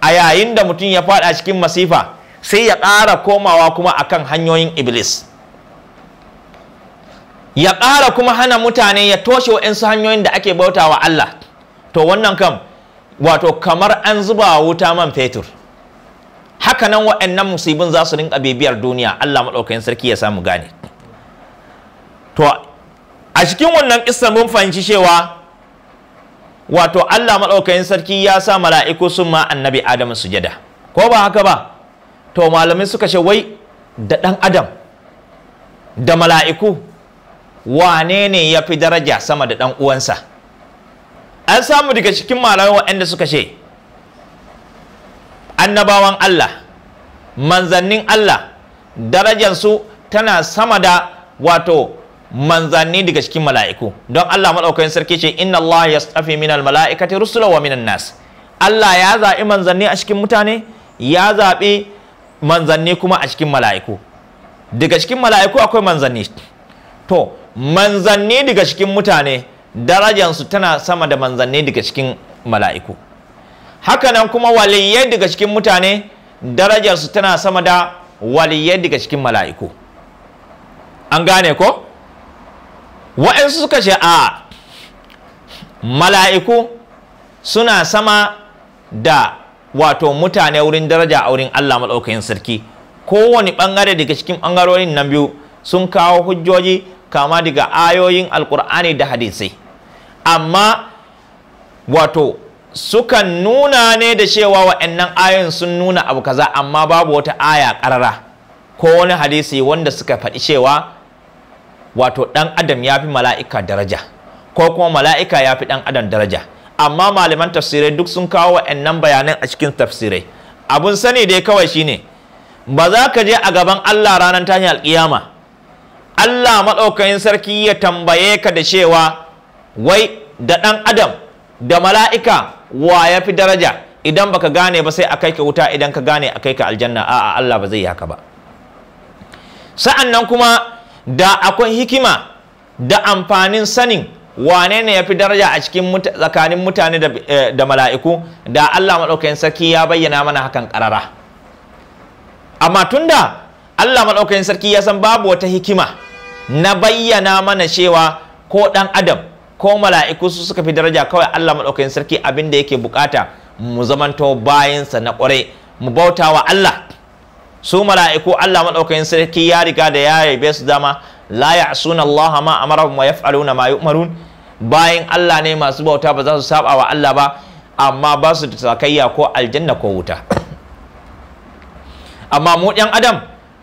a yayin da mutum ya faɗa cikin masifa sai ya ƙara komawa kuma akan hanyoyin iblis ya ƙara kuma hana mutane ya toshe wa'insu hanyoyin da ake bautawa Allah to wannan kam wato kamar an zuba wuta man fetur haka nan wa'annan musibin za su rinka bibiyar duniya Allah maɗaukakin sarki ya samu gane to a cikin wannan kissan mun fahimci cewa wato Allah maɗaukakin sarki ya sa mala'iku sun ma annabi Adam sujada ko ba haka ba to malamai suka ce wai da ɗan Adam da mala'iku wane ne ya fi daraja sama da ɗan uwansa an samu daga cikin malamai waɗanda suka ce annabawan Allah manzannin Allah darajarsu tana sama da wato manzanni daga cikin mala'iku don Allah madaukakin sarki ce inna Allah yastafi minal mala'ikati rusula wa minan nas Allah ya zaɓi manzanni a cikin mutane ya zaɓi manzanni kuma a cikin mala'iku daga cikin mala'iku akwai manzanni to manzanni daga cikin mutane darajansu tana sama da manzanni daga cikin mala'iku hakanan kuma waliyyai daga cikin mutane darajarsu tana sama da waliyyai daga cikin mala'iku an gane ko Wa'insu suka ce a mala'iku suna sama da wato mutane wurin daraja a wurin Allah maɗaukakin sarki kowane ɓangare daga cikin ɓangarorin nan biyu sun kawo hujjoji kama daga ayoyin alkur'ani da hadisai amma wato sukan nuna ne da cewa wa'annan ayoyin sun nuna abu kaza amma babu wata aya ƙarara ko wani hadisi wanda suka faɗi cewa wato ɗan adam ya fi mala'ika daraja ko kuma mala'ika ya fi ɗan adam daraja amma malaman tafsirai duk sun kawo wa'annan bayanan a cikin tafsirai abun sani dai kawai shine ba za ka je a gaban Allah ranar tashin alƙiyama Allah maɗaukakin sarki ya tambaye ka da cewa wai da ɗan adam da mala'ika wa ya fi daraja idan baka gane ba sai a kai ka wuta idan ka gane a kai ka aljanna a'a Allah ba zai yi haka ba sa'an nan kuma da akwai hikima da amfanin sanin wane ne ya fi daraja a cikin tsakanin mutane eh, da mala'iku da Allah maɗaukakin sarki ya bayyana mana hakan ƙarara amma tunda Allah maɗaukakin sarki ya san babu wata hikima na bayyana mana cewa ko ɗan adam ko mala'iku su suka fi daraja kawai Allah maɗaukakin sarki abin da yake bukata mu zamanto bayansa na ƙware mu bauta wa Allah su mala'iku Allah madaukakin sarki ya riga da ya yabe su dama la ya'suna Allah ma amarahum wa yaf'aluna ma yu'marun bayan Allah ne masu bauta ba za su saba wa Allah ba amma ba su da sakayya ko aljanna ko wuta amma mu ɗan adam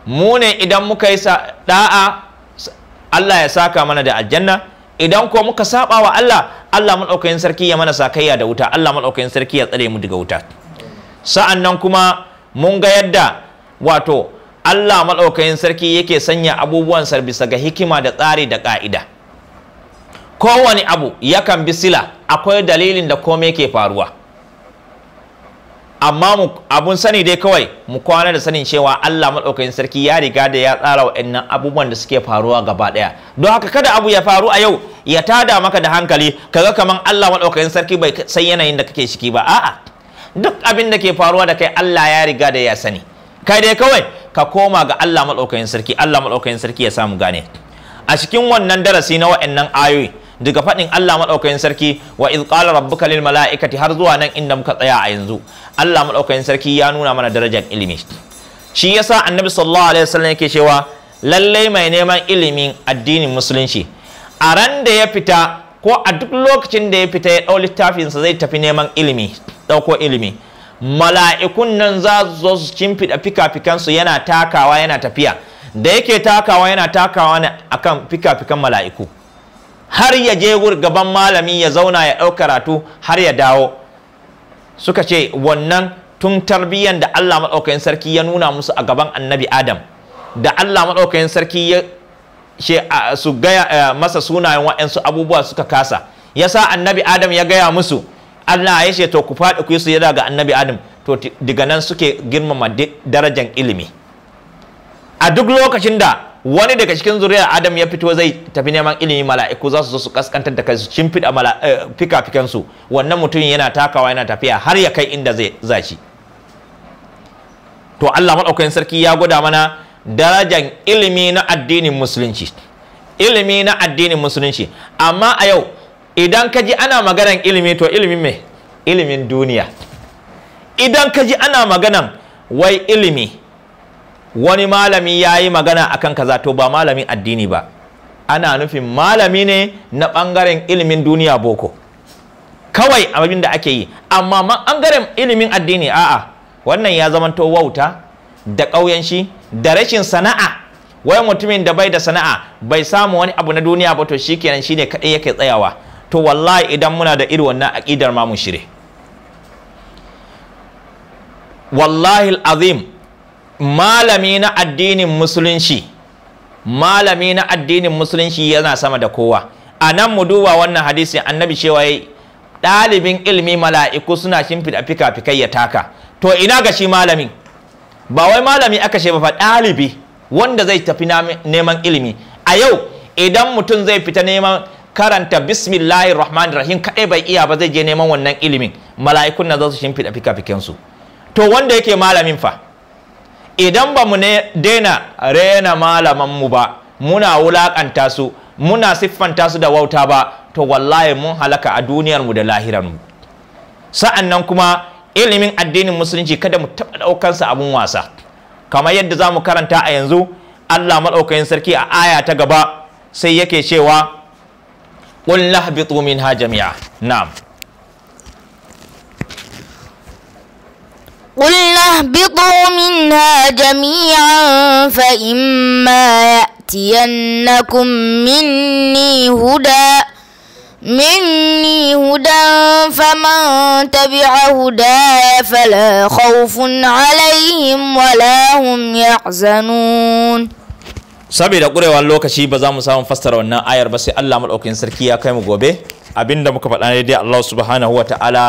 mu ne idan muka yi da'a Allah ya saka mana da aljanna idan ko muka saba wa Allah Allah maɗaukakin sarki ya mana sakayya da wuta Allah maɗaukakin sarki ya tsare mu daga wuta sa'an nan kuma mun ga yadda wato Allah maɗaukakin sarki yake sanya abubuwansa bisa ga hikima da tsari da ƙa'ida kowane abu yakan bi sila akwai dalilin da komai ke faruwa amma abun sani dai kawai mu kwana da sanin cewa Allah maɗaukakin sarki ya riga da ya tsara wa abubuwan da suke faruwa gaba ɗaya don haka kada abu ya faru a yau ya tada maka da hankali ka ga kamar Allah maɗaukakin sarki bai san yanayin da kake ciki ba a'a duk abin da ke faruwa da kai Allah ya riga da ya sani kai dai kawai ka koma ga Allah maɗaukakin sarki Allah maɗaukakin sarki ya samu gane a cikin wannan darasi na wa'annan ayoyi daga faɗin Allah maɗaukakin sarki wa iz qala rabbuka lil mala'ikati har zuwa nan inda muka tsaya a yanzu Allah maɗaukakin sarki ya nuna mana darajar ilimi shi yasa annabi sallallahu alaihi wasallam yake cewa lallai mai neman ilimin addinin musulunci a ran da ya fita ko a duk lokacin da ya fita ya ɗau littafinsa zai tafi neman ilimi ɗauko ilimi mala'ikun nan za su zo su cimfiɗa fika-fikansu yana takawa yana tafiya da yake takawa yana takawa ne akan fika-fikan mala'iku har ya je gaban malami ya zauna ya ɗau karatu har ya dawo suka ce wannan tun tarbiyyar da Allah maɗaukakin sarki ya nuna musu a gaban annabi Adam da Allah maɗaukakin sarki ya su gaya eh, masa sunayen waɗansu abubuwa suka kasa yasa annabi Adam ya gaya musu Allah ya ce to ku faɗi ku yi sujada ga annabi Adam to daga nan suke girmama darajan ilimi a duk lokacin da wani daga cikin zuriyar Adam ya fito zai tafi neman ilimi mala'iku za su zo su kaskantar da kansu shimfiɗa eh, fika su wannan mutumin yana takawa yana tafiya har ya kai inda zai zaci to Allah maɗaukakin sarki ya gwada mana darajan ilimi na addinin musulunci ilimi na addinin musulunci amma a yau idan ka ji ana maganan ilimi to ilimin mai ilimin duniya idan ka ji ana maganan wai ilimi wani malami ya yi magana akan kaza to ba malamin addini ba ana nufin malami ne na ɓangaren ilimin duniya boko kawai abin da ake yi amma ɓangaren ilimin addini a'a wannan ya zamanto wauta da ƙauyen shi da rashin sana'a wai mutumin da bai da sana'a bai samu wani abu na duniya ba to shikenan shine kaɗai yake tsayawa to wallahi idan muna da irin wannan aƙidar ma mu shire wallahi azim malami na addinin musulunci malami na addinin musulunci yana sama da kowa a nan mu duba wannan hadisi annabi cewa yi ɗalibin ilmi mala'iku suna shimfiɗa fika-fikai ya taka to ina ga shi malamin ba wai malami aka ce fa ɗalibi wanda zai tafi neman ilimi a yau idan mutum zai fita neman karanta bismillahi rahman rahim kaɗai bai iya ba zai je neman wannan ilimin mala'ikun na za su shimfiɗa fikafiken su to wanda yake malamin fa idan ba mu daina rena malaman mu ba muna wulakanta su muna siffanta su da wauta ba to wallahi mun halaka a duniyar mu da lahiranmu. mu sa'annan kuma ilimin addinin musulunci kada mu taɓa ɗaukansa abun wasa kamar yadda za mu karanta a yanzu Allah maɗaukakin sarki a aya ta gaba sai yake cewa قلنا اهبطوا منها جميعا نعم
قلنا اهبطوا منها جميعا فإما يأتينكم مني هدى مني هدى فمن تبع هداي فلا خوف عليهم ولا هم يحزنون
saboda kurewar lokaci ba za mu samu fassara wannan ayar ba sai Allah madaukakin sarki ya kai mu gobe abinda muka faɗa ne dai Allah subhanahu wata'ala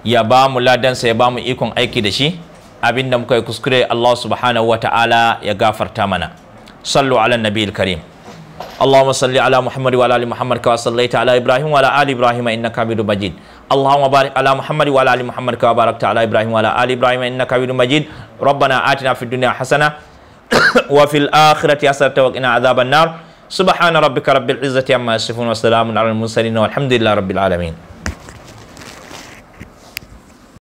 ya ba mu ladan sa ya ba mu ikon aiki da shi abinda muka yi kuskure Allah subhanahu wata'ala ya gafarta mana sallu ala nabiyil karim اللهم صل على محمد وعلى ال محمد كما صليت على ابراهيم وعلى ال ابراهيم انك حميد مجيد اللهم بارك على محمد وعلى ال محمد كما باركت على ابراهيم وعلى ال ابراهيم انك حميد مجيد ربنا آتنا في الدنيا حسنه [coughs] وفي الآخرة أسر توقنا عذاب النار سبحان ربك رب العزة عما يصفون وسلام على المرسلين والحمد لله رب العالمين